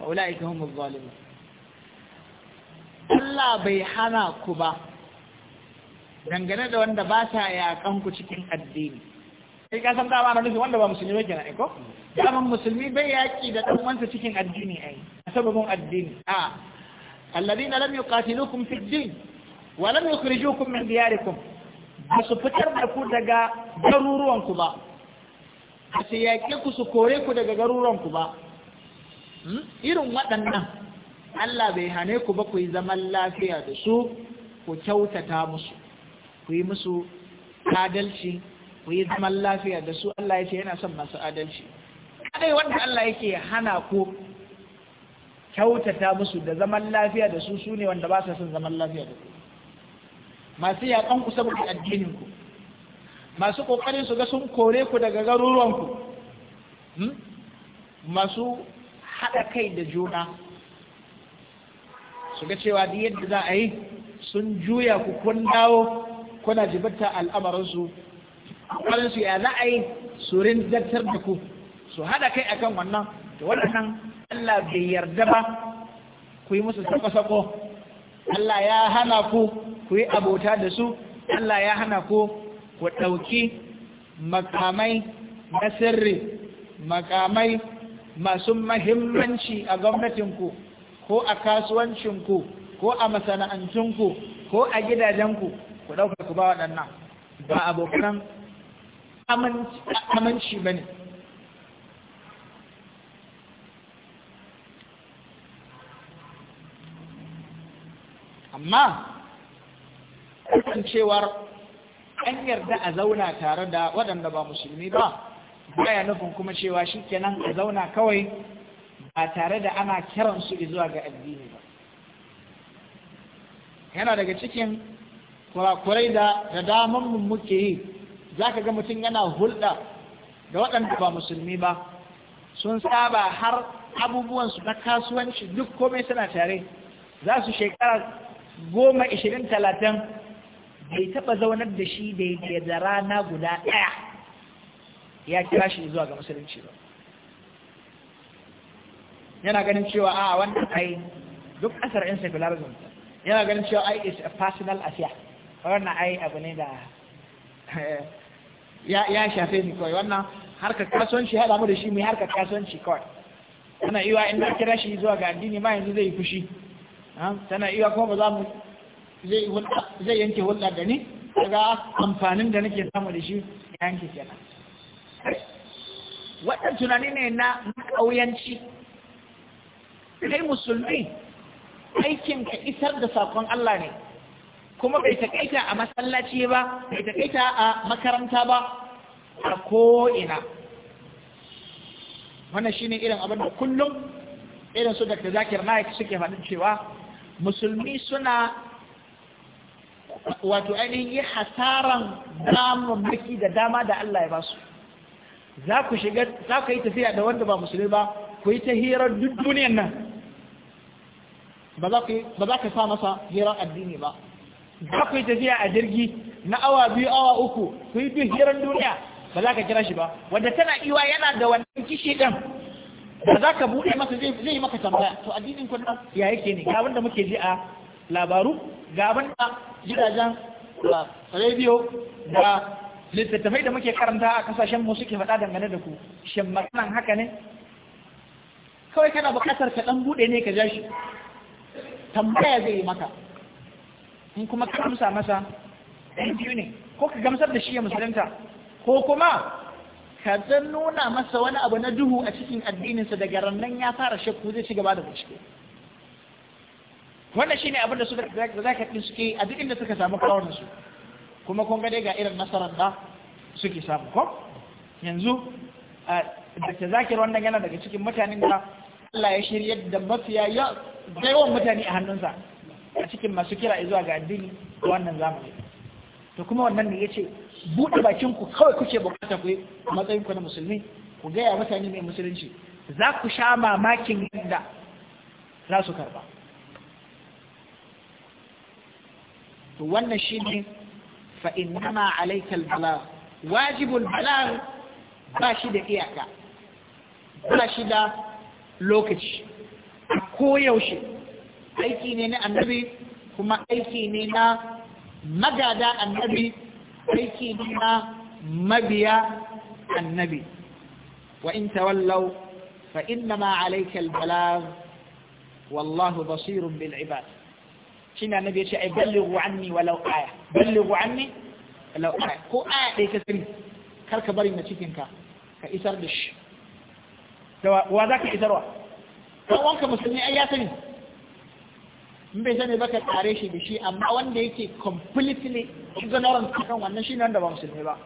فأولئك هم الظالمون Allah bai hana ku ba dangane da wanda ba ta yakan ku cikin addini sai ka san dama na nufi wanda ba musulmi ba kenan ko daman musulmi bai yaki da dan wanta cikin addini ai sababin addini a alladina lam yuqatilukum fi din wa lam yukhrijukum min diyarikum ba su fitar da ku daga garuruwanku ba ba su yaƙe ku su kore ku daga garuruwanku ba hmm? irin waɗannan Allah bai hane ku ba ku yi zaman lafiya da su ku kyautata musu ku yi musu adalci ku yi zaman lafiya da su Allah ya ce yana son masu adalci kadai wanda Allah yake hana ku kyautata musu da zaman lafiya da su sune wanda ba sa son zaman lafiya da ku masu yaƙon ku saboda addinin ku masu ƙoƙarin su ga sun kore ku daga garuruwanku hmm? masu haɗa kai da juna su ga cewa duk yadda za a yi sun juya ku kun dawo kuna jibarta al'amarinsu su ya za a yi su rinjantar da ku su haɗa kai akan wannan da waɗannan Allah bai yarda ba ku yi musu sako-sako Allah ya hana ku ku yi abota da su Allah ya hana ku ku ɗauki makamai na sirri makamai masu mahimmanci a gwamnatinku ko a kasuwancinku ko a masana'antunku ko a gidajenku ku ɗauka ku ba waɗannan ba abokan aminci ba ne amma cewar an yarda a zauna tare da waɗanda ba musulmi ba baya nufin kuma cewa shi kenan a zauna kawai ba tare da ana kiran su zuwa ga addini ba yana daga cikin kurakurai da da daman mu muke yi za ka ga mutum yana hulɗa da waɗanda ba musulmi ba sun saba har abubuwansu na kasuwanci duk komai suna tare za su shekara goma ishirin talatin bai taɓa zaunar da shi da da rana guda ɗaya ya kira shi zuwa ga musulunci ba yana ganin cewa a ah, wannan ai duk asar in secularism yana ganin cewa ai is a personal affair wannan ai abu ne da eh, ya shafe ni kawai wannan harkar kasuwanci haɗa mu da shi mai harkar kasuwanci kawai tana iya in na kira shi zuwa ga addini ma yanzu zai fushi ah, tana iya kuma ba za mu zai yanke hulɗa da ni daga amfanin da nake samu da shi ya yanke kenan waɗannan tunani ne na ƙauyanci kai musulmi aikin ka isar da sakon Allah ne kuma bai takaita a masallaci ba bai takaita a makaranta ba a ko'ina shi ne irin abin da kullum irin su Dr. Zakir Naik suke faɗin cewa musulmi suna wato ainihin yi hasaran damammaki da dama da Allah ya ba su za ku yi tafiya da wanda ba musulmi ba ku yi ta hirar duk duniyan nan ba za ka sa masa hira addini ba za ku yi tafiya a jirgi na awa biyu awa uku ku yi duk hirar duniya ba za ka kira shi ba wanda tana iwa yana da wannan kishi ɗin ba za ka buɗe masa zai yi maka tambaya to addinin kun nan ya yake ne ga da muke ji a labaru ga wanda gidajen rediyo da littattafai da muke karanta a kasashen mu suke faɗa dangane da ku shin maganan haka ne kawai kana buƙatar ka ɗan buɗe ne ka ja shi tambaya zai yi maka in kuma ka amsa masa ɗan biyu ne ko ka gamsar da shi ya musulunta ko kuma ka zan nuna masa wani abu na duhu a cikin addininsa daga rannan ya fara shakku zai ci gaba da bincike wannan shine abin da suka zaka din suke a duk inda suka samu kawunan su kuma kun ga dai ga irin nasarar da suke samu ko yanzu da ta zakir wannan yana daga cikin mutanen da Allah ya shirya da mafiya yawan mutane a hannunsa a cikin masu kira zuwa ga addini da wannan zamani to kuma wannan ne yace buɗe bakin ku kawai kuke bukata ku matsayin ku na musulmi ku gaya mutane mai musulunci za ku sha mamakin yadda za su karba to wannan shine fa innama alayka al wajibul balagh ba shi da iyaka ba shi da lokaci a koyaushe aiki ne na annabi kuma aiki ne na magada annabi aiki ne na mabiya annabi wa in tawallaw fa innama alayka albalagh wallahu basirun bil ibad shine annabi ya ce ai ballighu anni walau aya ballighu anni walau aya ko aya dai ka sani kar ka bari na cikin ka ka isar da shi da wa za ka isarwa ɗan wanka musulmi ai ya sani in bai sani ba ka tsare shi da shi amma wanda yake completely ignorant kan wannan shi ne wanda ba musulmi ba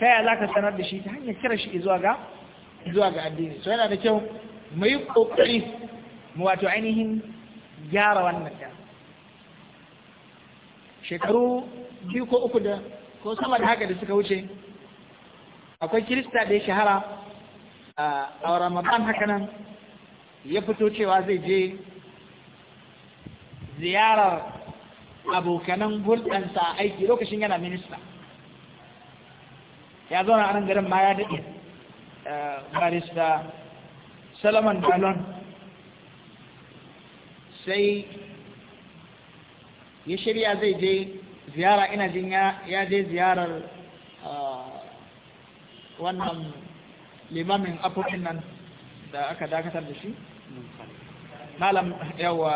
ta yaya za ka sanar da shi ta hanyar kira shi zuwa ga zuwa ga addini so yana da kyau mu yi ƙoƙari mu wato ainihin gyara wannan da shekaru biyu ko uku da ko sama da haka da suka wuce akwai kirista da ya shahara a ramadan haka ya fito cewa zai je ziyarar abokanan hulɗansa a aiki lokacin yana minista ya zauna a nan garin ma ya daɗe barista salaman dalon sai ya shirya zai je ziyara ina jin ya je ziyarar wannan limamin afofin nan da aka dakatar da shi malam yawa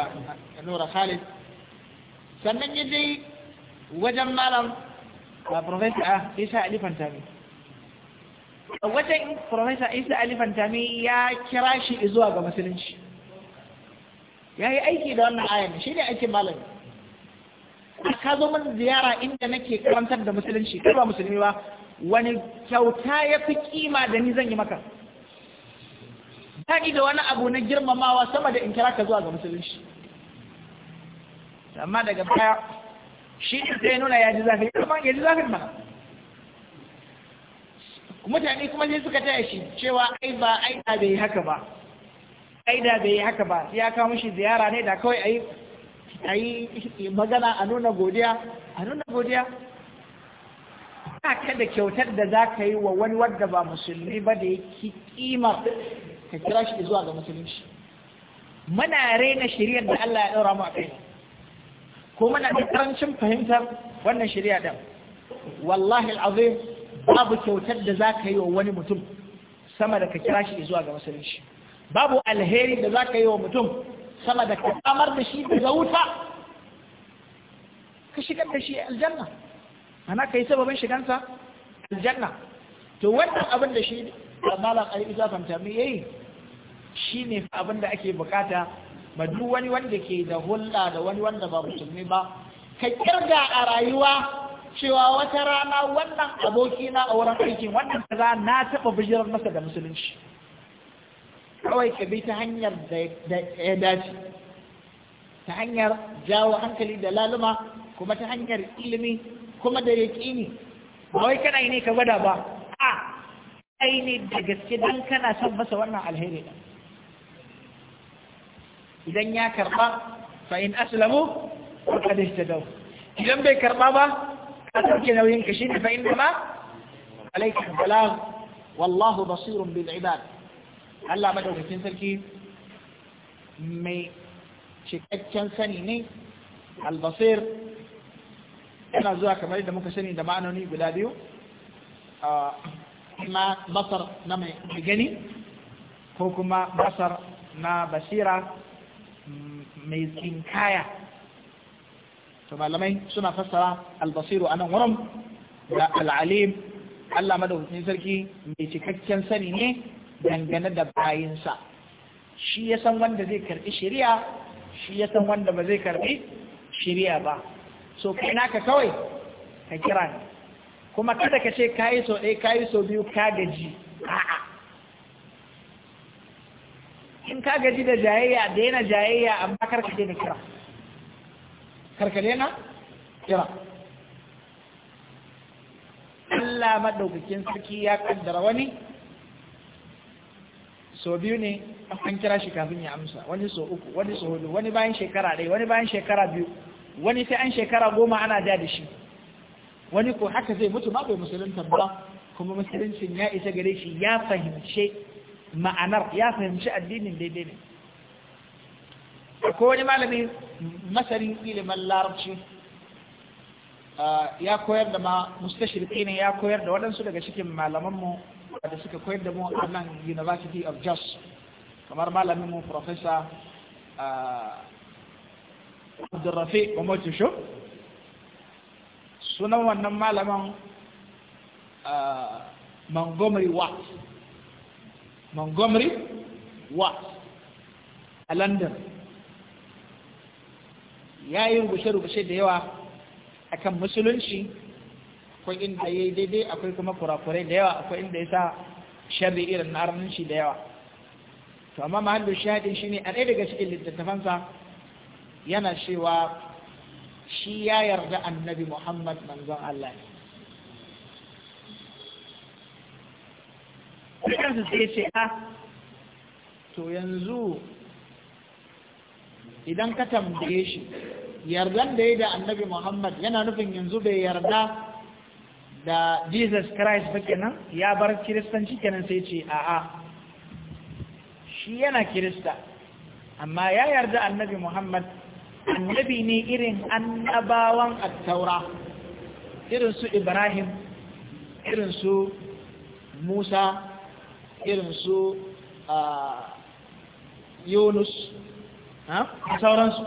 nura khalid sannan ya dai wajen malam ba profesa a isa alifantami wajen profesa isa alifantami ya kira shi zuwa ga musulunci ya yi aiki da wannan ayan shi ne aikin malami ka zo min ziyara inda nake karantar da musulunci kai ba musulmi ba wani kyauta ya fi kima da ni zan yi maka ni da wani abu na girmamawa sama da in kira ka zuwa ga musulunci amma daga baya shi ne sai nuna ya ji zafi kuma ya ji zafin ma. mutane kuma sai suka taya shi cewa ai ba ai da bai haka ba ai da bai haka ba ya kawo mishi ziyara ne da kawai ai ai magana a nuna godiya a nuna godiya ka da kyautar da za ka yi wa wani wadda ba musulmi ba da yake kimar ka kira shi zuwa ga musulunci muna raina shiriyar da Allah ya ɗaura mu a kai ko muna da karancin fahimtar wannan shiriya ɗin wallahi al'azim babu kyautar da za ka yi wa wani mutum sama da ka kira shi zuwa ga musulunci babu alheri da za ka yi wa mutum sama da ka samar da shi da wuta ka shigar da shi aljanna ana kai sababin shigansa aljanna to wannan abin da shi malam Ali Isa Fantami yayi shine abin da ake bukata ba duk wani wanda ke da hulɗa da wani wanda ba musulmi ba ka kirga a rayuwa cewa wata rana wannan aboki na a wurin aikin wannan kaza na taba bijirar masa da musulunci kawai ka bi ta hanyar da ya dace ta hanyar jawo hankali da laluma kuma ta hanyar ilimi kuma da yaƙini ba wai kana yi ne ka gwada ba a kai ne da gaske don kana son masa wannan alheri ɗin idan ya karɓa fa in aslamu wa qad ihtadaw idan bai karɓa ba ka sauke nauyin ka shine fa in ma alayka salam wallahu basirun bil ibad Allah madaukakin sarki mai cikakken sani ne albasir yana zuwa kamar yadda muka sani da ma'anoni guda biyu na ah, basar na mai gani ko kuma basar na basira mm, mai tsinkaya to malamai suna fassara albasiru a nan wurin da al'alim Allah madaukakin sarki mai cikakken sani ne dangane da bayinsa shi ya san wanda zai karbi shari'a shi ya san wanda ba zai karbi shari'a ba so kai naka kawai ka kira ni kuma kada ka ce kayi so ɗaya kayi so biyu ka gaji a'a in ka gaji da jayayya yana jayayya amma karka daina kira karka daina kira Allah maɗaukakin sarki ya kaddara wani so biyu ne an kira shi kafin ya amsa wani so uku wani so hudu wani bayan shekara ɗaya wani bayan shekara biyu wani sai an shekara goma ana ja da shi wani ko haka zai mutu ma bai musulunta ba kuma musuluncin ya isa gare shi ya fahimce ma'anar ya fahimci addinin daidai ne ko wani malami masarin ilimin larabci ya koyar da ma mustashirki ne ya koyar da waɗansu daga cikin malamanmu da suka koyar da mu a nan university of jos kamar malamin malaminmu professor abdurrafi omotisho sunan wannan malaman ah, montgomery watt montgomery watt a london ya yi rubuce-rubuce da yawa a kan musulunci akwai inda ya yi daidai akwai kuma kurakurai da yawa akwai inda ya sa sharri irin na da yawa to amma mahallin shahadin shi ne a ɗaya daga cikin littattafansa yana cewa shi ya yarda annabi Muhammad manzon Allah ne. Kansu sai ce, "A, ah, to yanzu idan ka tambaye shi, yardan da ya da annabi Muhammad yana nufin yanzu bai yarda da Jesus Christ ba kenan ya bar kiristanci kenan sai ce, "A'a, shi yana kirista, amma ya yarda annabi Muhammad annabi ne irin annabawan attaura irin su ibrahim irin su musa irin su yunus a sauransu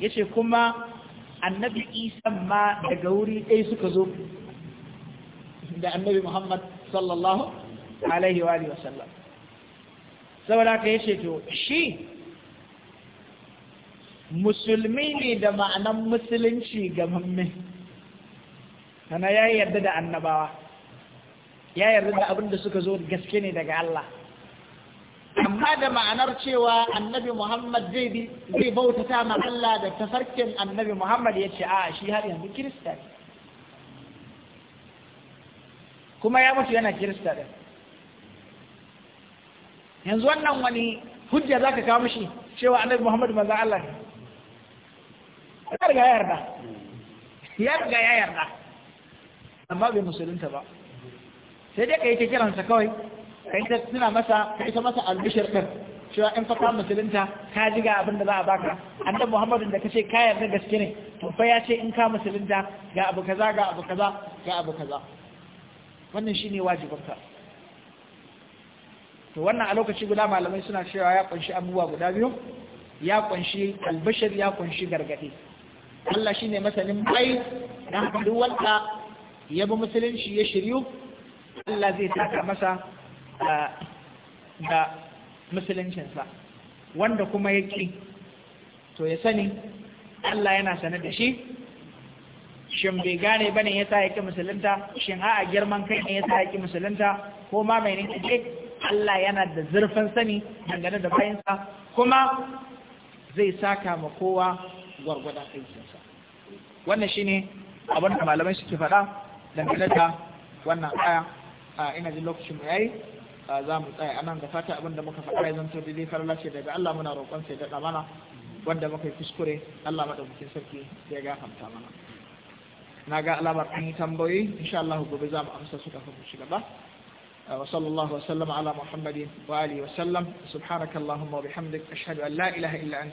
ya ce kuma annabi isan ma daga wuri ɗaya suka zo da annabi muhammad sallallahu alaihi wa sallam saboda ka yi ce to shi musulmi ne da ma'anan musulunci ga mamme Kana ya yarda da annabawa ya yarda da abin da suka zo gaske ne daga Allah amma da ma'anar cewa annabi Muhammad zai zai bautata ma Allah da tafarkin annabi Muhammad ya ce a shi har yanzu kirista ne kuma ya mutu yana kirista ɗin yanzu wannan wani hujja za ka kawo mishi cewa annabi Muhammad manzan Allah ne ya riga ya yarda ya riga ya yarda amma bai musulunta ba sai dai ka yi ta kiransa kawai ka ta suna masa ka ta masa albishir ɗin cewa in fa ka musulunta ka ji ga abin da za a baka annabi muhammadin da kace ka yarda gaske ne to fa ya ce in ka musulunta ga abu kaza ga abu kaza ga abu kaza wannan shine wajibinka to wannan a lokaci guda malamai suna cewa ya kunshi abubuwa guda biyu ya kunshi albishir ya kunshi gargadi Allah shi ne masanin bai na duk wanda ya bi musulunci ya shiryu Allah zai taka masa da musuluncinsa wanda kuma ya ƙi to ya sani Allah yana sane da shi shin bai gane bane ya sa ya musulunta shin a'a girman kai ne ya sa ya musulunta ko ma mai ninka ce Allah yana da zurfin sani dangane da bayansa kuma zai saka ma kowa gwargwadon aikinsa wannan shine abin da malamai suke faɗa dangane da wannan aya a ina jin lokacin mu yayi za mu tsaya anan da fata abin da muka faɗa ya zanto daidai farla ce daga Allah muna roƙon sai da mana wanda muka yi kuskure Allah madaukakin sarki ya gafarta mana na ga alamar an yi tambayoyi insha Allah gobe za mu amsa su kafin mu ci gaba وصلى الله وسلم على محمد وآله وسلم سبحانك اللهم وبحمدك أشهد أن لا إله إلا أنت